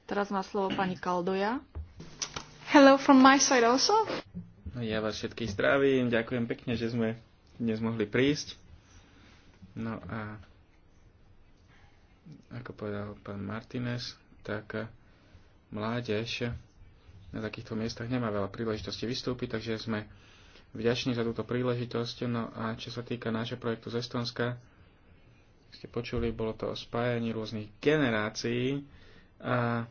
A: Teraz má slovo pani Kaldoja. Hello from my side also.
B: No ja vás všetkých zdravím, ďakujem pekne, že sme dnes mohli prísť. No a ako povedal pán Martinez, tak mládež na takýchto miestach nemá veľa príležitosti vystúpiť, takže sme vďační za túto príležitosť. No a čo sa týka nášho projektu z Estonska, ste počuli, bolo to o spájaní rôznych generácií a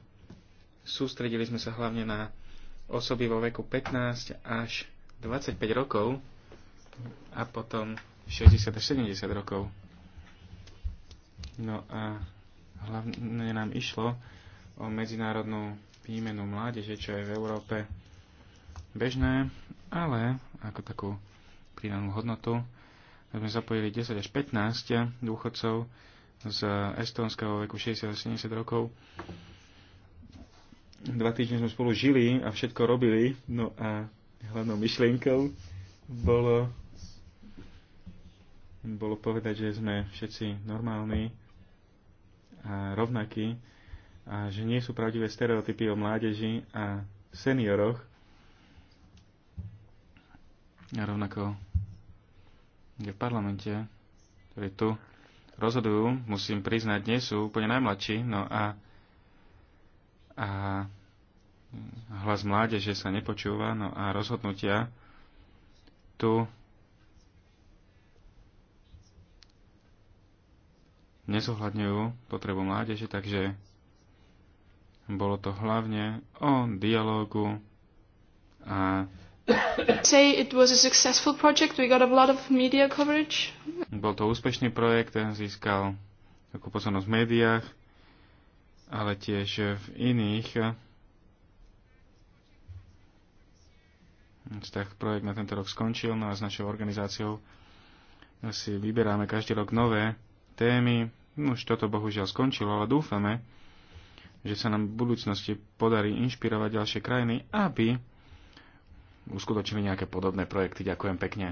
B: sústredili sme sa hlavne na osoby vo veku 15 až 25 rokov a potom 60 až 70 rokov. No a hlavne nám išlo o medzinárodnú výmenu mládeže, čo je v Európe bežné, ale ako takú pridanú hodnotu sme zapojili 10 až 15 dôchodcov z Estónska vo veku 60 až 70 rokov. Dva týždne sme spolu žili a všetko robili, no a hlavnou myšlienkou bolo, bolo povedať, že sme všetci normálni, a rovnakí a že nie sú pravdivé stereotypy o mládeži a senioroch. A rovnako kde v parlamente, ktorí tu rozhodujú, musím priznať, nie sú úplne najmladší, no a, a hlas mládeže sa nepočúva, no a rozhodnutia tu nezohľadňujú potrebu mládeže, takže bolo to hlavne o dialogu a
A: say it was a successful project. We got a lot of media coverage.
B: Bol to úspešný projekt, získal takú pozornosť v médiách, ale tiež v iných eh, tak projekt na tento rok skončil, no a s našou organizáciou si vyberáme každý rok nové témy. Už toto bohužiaľ skončilo, ale dúfame, že sa nám v budúcnosti podarí inšpirovať ďalšie krajiny, aby uskutočili nejaké podobné projekty. Ďakujem pekne.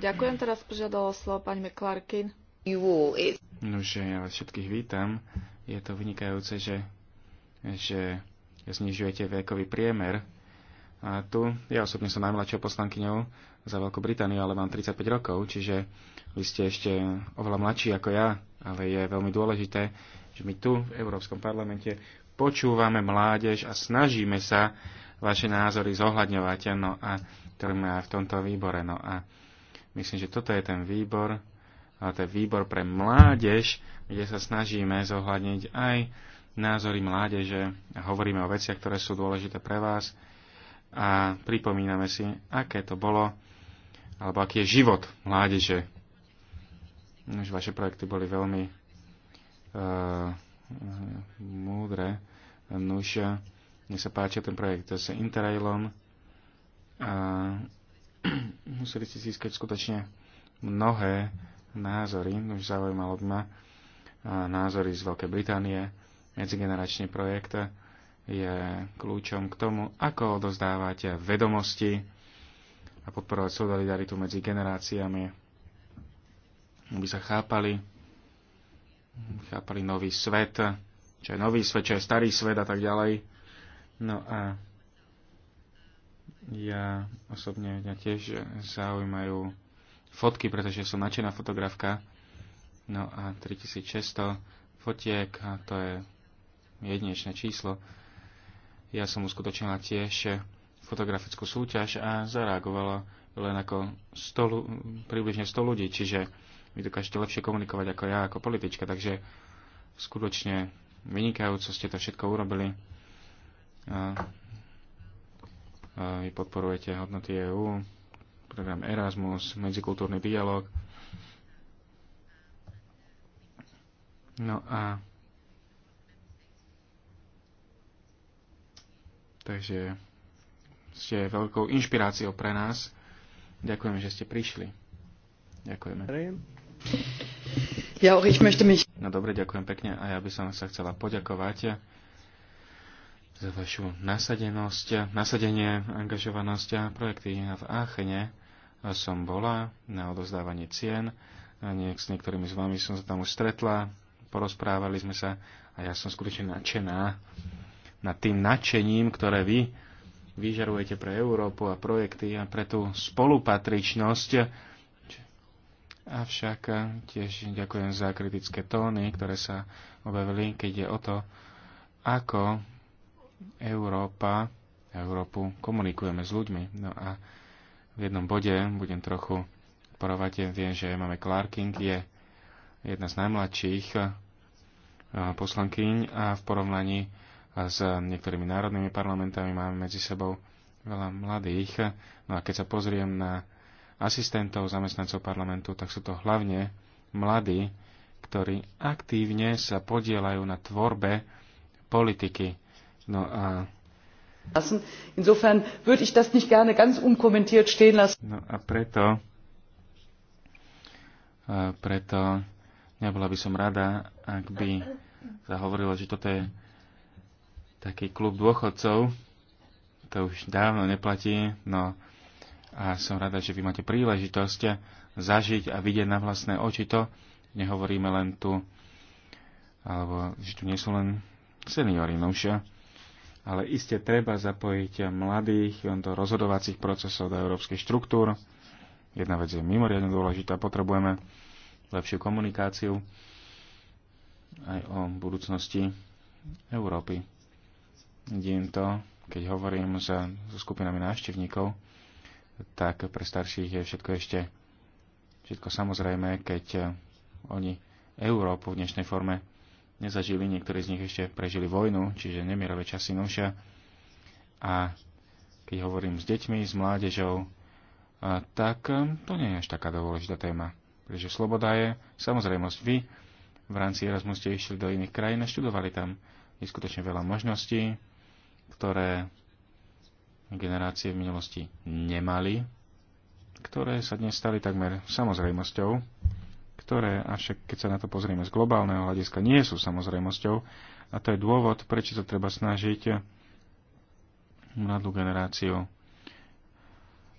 A: Ďakujem, teraz požiadalo slovo pani McClarkin.
B: Nože, ja vás všetkých vítam. Je to vynikajúce, že, že znižujete vekový priemer a tu, ja osobne som najmladšou poslankyňou za Veľkú Britániu, ale mám 35 rokov, čiže vy ste ešte oveľa mladší ako ja, ale je veľmi dôležité, že my tu v Európskom parlamente počúvame mládež a snažíme sa vaše názory zohľadňovať, no a ktorým aj v tomto výbore. No a myslím, že toto je ten výbor, ale to je výbor pre mládež, kde sa snažíme zohľadniť aj názory mládeže a hovoríme o veciach, ktoré sú dôležité pre vás, a pripomíname si, aké to bolo, alebo aký je život mládeže. Už vaše projekty boli veľmi uh, múdre. Nuž, mne sa páčil ten projekt s Interrailom. A *clears throat* museli ste získať skutočne mnohé názory, už zaujímalo by ma názory z Veľkej Británie, medzigeneračný projekt, je kľúčom k tomu, ako odozdávať vedomosti a podporovať solidaritu medzi generáciami, aby sa chápali, chápali nový svet, čo je nový svet, čo je starý svet a tak ďalej. No a ja osobne mňa tiež zaujímajú fotky, pretože som nadšená fotografka. No a 3600 fotiek, a to je jedinečné číslo ja som uskutočnila tiež fotografickú súťaž a zareagovala len ako 100, približne 100 ľudí, čiže vy dokážete lepšie komunikovať ako ja, ako politička, takže skutočne vynikajúco ste to všetko urobili. A, a vy podporujete hodnoty EÚ, program Erasmus, medzikultúrny dialog. No a Takže ste veľkou inšpiráciou pre nás. Ďakujem, že ste prišli. Ďakujeme. Ja ich möchte mich... No dobre, ďakujem pekne a ja by som sa chcela poďakovať za vašu nasadenosť, nasadenie, angažovanosť a projekty v Áchene. Som bola na odozdávanie cien. Niek s niektorými z vami som sa tam už stretla, porozprávali sme sa a ja som skutočne nadšená nad tým nadšením, ktoré vy vyžarujete pre Európu a projekty a pre tú spolupatričnosť. Avšak tiež ďakujem za kritické tóny, ktoré sa objavili, keď je o to, ako Európa, Európu komunikujeme s ľuďmi. No a v jednom bode budem trochu porovať, viem, že máme Clarking, je jedna z najmladších eh, poslankyň a v porovnaní a s eh, niektorými národnými parlamentami, máme medzi sebou veľa mladých. No a keď sa pozriem na asistentov, zamestnancov parlamentu, tak sú to hlavne mladí, ktorí aktívne sa podielajú na tvorbe politiky. No a Insofern würde ich das nicht gerne ganz unkommentiert stehen lassen. No a preto, a eh, preto nebola by som rada, ak by sa hovorilo, že toto je taký klub dôchodcov, to už dávno neplatí, no a som rada, že vy máte príležitosť zažiť a vidieť na vlastné oči to, nehovoríme len tu, alebo že tu nie sú len seniory, no už, ale iste treba zapojiť mladých do rozhodovacích procesov, do európskych štruktúr. Jedna vec je mimoriadne dôležitá, potrebujeme lepšiu komunikáciu aj o budúcnosti Európy. Vidím to, keď hovorím so, so skupinami návštevníkov, tak pre starších je všetko ešte všetko samozrejme, keď eh, oni Európu v dnešnej forme nezažili, niektorí z nich ešte prežili vojnu, čiže nemierové časy novšia. A keď hovorím s deťmi, s mládežou, eh, tak eh, to nie je až taká dôležitá téma. Pretože sloboda je, samozrejmosť vy v rámci Erasmus ste išli do iných krajín a študovali tam. Je skutočne veľa možností, ktoré generácie v minulosti nemali, ktoré sa dnes stali takmer samozrejmosťou, ktoré avšak, keď sa na to pozrieme z globálneho hľadiska, nie sú samozrejmosťou a to je dôvod, prečo sa treba snažiť mladú generáciu,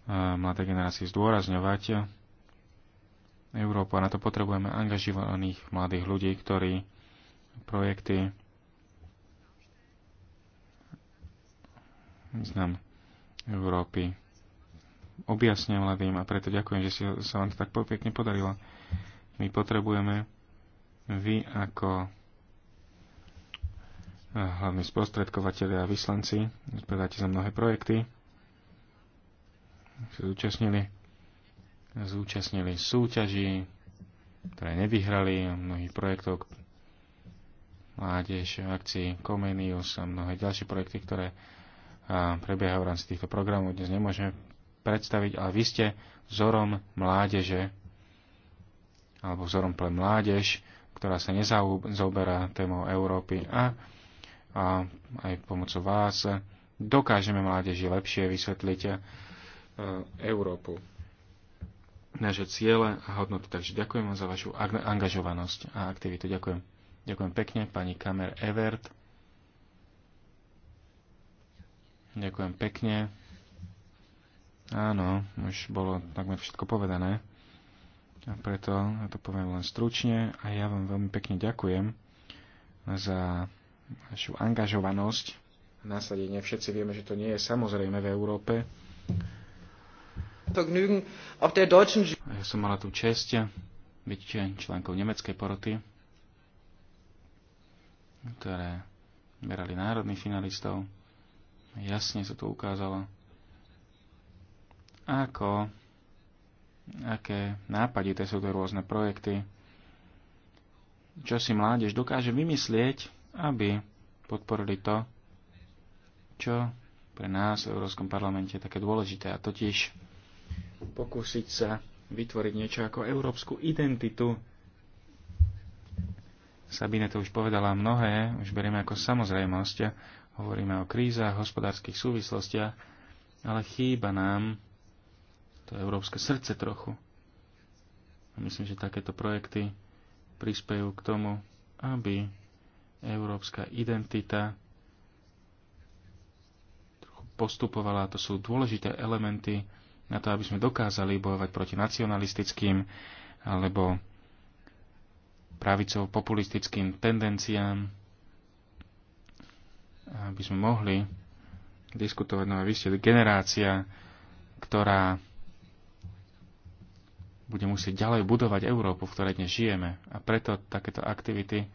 B: e, mladé generácie zdôrazňovať Európu a na to potrebujeme angažovaných mladých ľudí, ktorí projekty význam Európy objasnia mladým a preto ďakujem, že si, sa vám to tak pekne podarilo. My potrebujeme vy ako eh, hlavní sprostredkovateľi a vyslanci, zbedáte za mnohé projekty, sa zúčastnili, zúčastnili súťaži, ktoré nevyhrali, mnohých projektov, mládež, akcii Comenius a mnohé ďalšie projekty, ktoré prebieha v rámci týchto programov, dnes nemôžeme predstaviť, ale vy ste vzorom mládeže, alebo vzorom pre mládež, ktorá sa nezaoberá témou Európy a, a aj pomocou vás dokážeme mládeži lepšie vysvetliť e, Európu naše ciele a hodnoty. Takže ďakujem vám za vašu angažovanosť a aktivitu. Ďakujem. Ďakujem pekne pani Kamer Evert. Ďakujem pekne. Áno, už bolo takmer všetko povedané. A preto ja to poviem len stručne a ja vám veľmi pekne ďakujem za vašu angažovanosť. Nasadenie všetci vieme, že to nie je samozrejme v Európe.
C: Ja
B: som mala tú čest byť členkou nemeckej poroty, ktoré merali národných finalistov jasne sa to ukázalo. Ako, aké nápadité sú to rôzne projekty, čo si mládež dokáže vymyslieť, aby podporili to, čo pre nás v Európskom parlamente je také dôležité, a totiž pokúsiť sa vytvoriť niečo ako európsku identitu. Sabine to už povedala mnohé, už berieme ako samozrejmosť, Hovoríme o krízach, hospodárskych súvislostiach, ale chýba nám to európske srdce trochu. A myslím, že takéto projekty prispejú k tomu, aby európska identita trochu postupovala. A to sú dôležité elementy na to, aby sme dokázali bojovať proti nacionalistickým alebo pravicov populistickým tendenciám aby sme mohli diskutovať. No a vy ste generácia, ktorá bude musieť ďalej budovať Európu, v ktorej dnes žijeme. A preto takéto aktivity,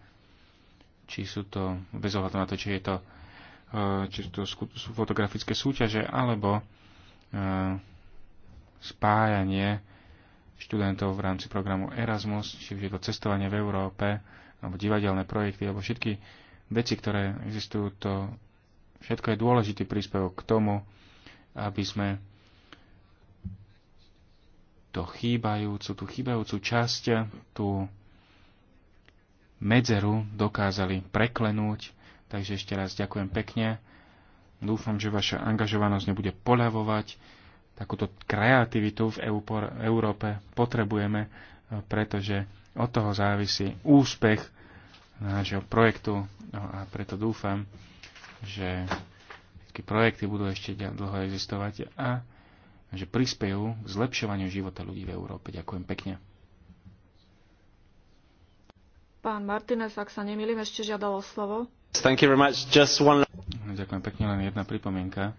B: či sú to, bez ohľadu na to, či je to, e, či sú to sú fotografické súťaže, alebo e, spájanie študentov v rámci programu Erasmus, či je to cestovanie v Európe, alebo divadelné projekty, alebo všetky veci, ktoré existujú, to všetko je dôležitý príspevok k tomu, aby sme to chýbajúcu, tú chýbajúcu časť, tú medzeru dokázali preklenúť. Takže ešte raz ďakujem pekne. Dúfam, že vaša angažovanosť nebude poľavovať. Takúto kreativitu v Európe potrebujeme, pretože od toho závisí úspech nášho projektu no a preto dúfam, že všetky projekty budú ešte dlho existovať a že prispejú k zlepšovaniu života ľudí v Európe. Ďakujem pekne.
A: Pán Martinez, ak sa nemýlim, ešte žiadalo slovo.
B: Thank you very much. Just one... No, ďakujem pekne, len jedna pripomienka.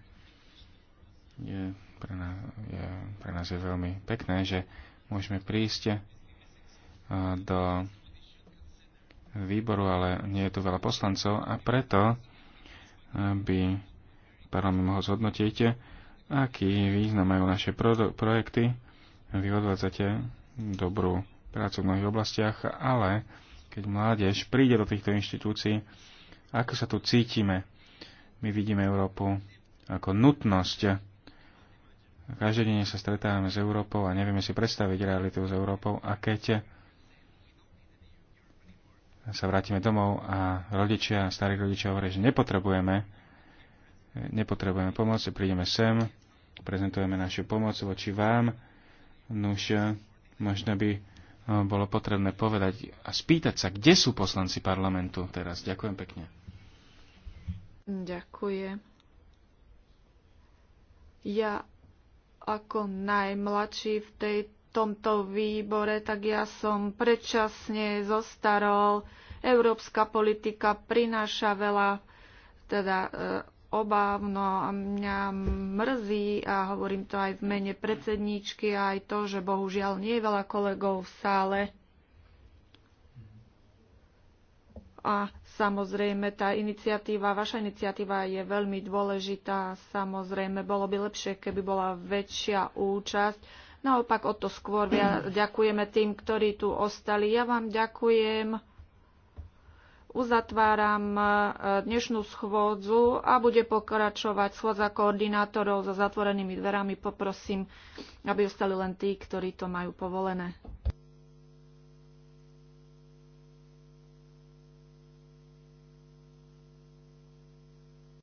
B: Je pre, nás, je, pre nás je veľmi pekné, že môžeme prísť do výboru, ale nie je tu veľa poslancov a preto eh, by parlament mohol zhodnotiť, aký význam majú naše pro- projekty. Vy odvádzate dobrú prácu v mnohých oblastiach, ale keď mládež príde do týchto inštitúcií, ako sa tu cítime? My vidíme Európu ako nutnosť. Každodenne sa stretávame s Európou a nevieme si predstaviť realitu s Európou a keď sa vrátime domov a rodičia, starí rodičia hovoria, že nepotrebujeme, nepotrebujeme pomoc, prídeme sem, prezentujeme našu pomoc voči vám, nuž možno by eh, bolo potrebné povedať a spýtať sa, kde sú poslanci parlamentu teraz. Ďakujem pekne.
A: Ďakujem. Ja ako najmladší v tejto tomto výbore, tak ja som predčasne zostarol. Európska politika prináša veľa teda e, obáv, no a mňa mrzí a hovorím to aj v mene predsedníčky aj to, že bohužiaľ nie je veľa kolegov v sále. A samozrejme tá iniciatíva, vaša iniciatíva je veľmi dôležitá. Samozrejme, bolo by lepšie, keby bola väčšia účasť Naopak o to skôr ďakujeme tým, ktorí tu ostali. Ja vám ďakujem. Uzatváram e, dnešnú schôdzu a bude pokračovať schôdza koordinátorov za zatvorenými dverami. Poprosím, aby ostali len tí, ktorí to majú povolené.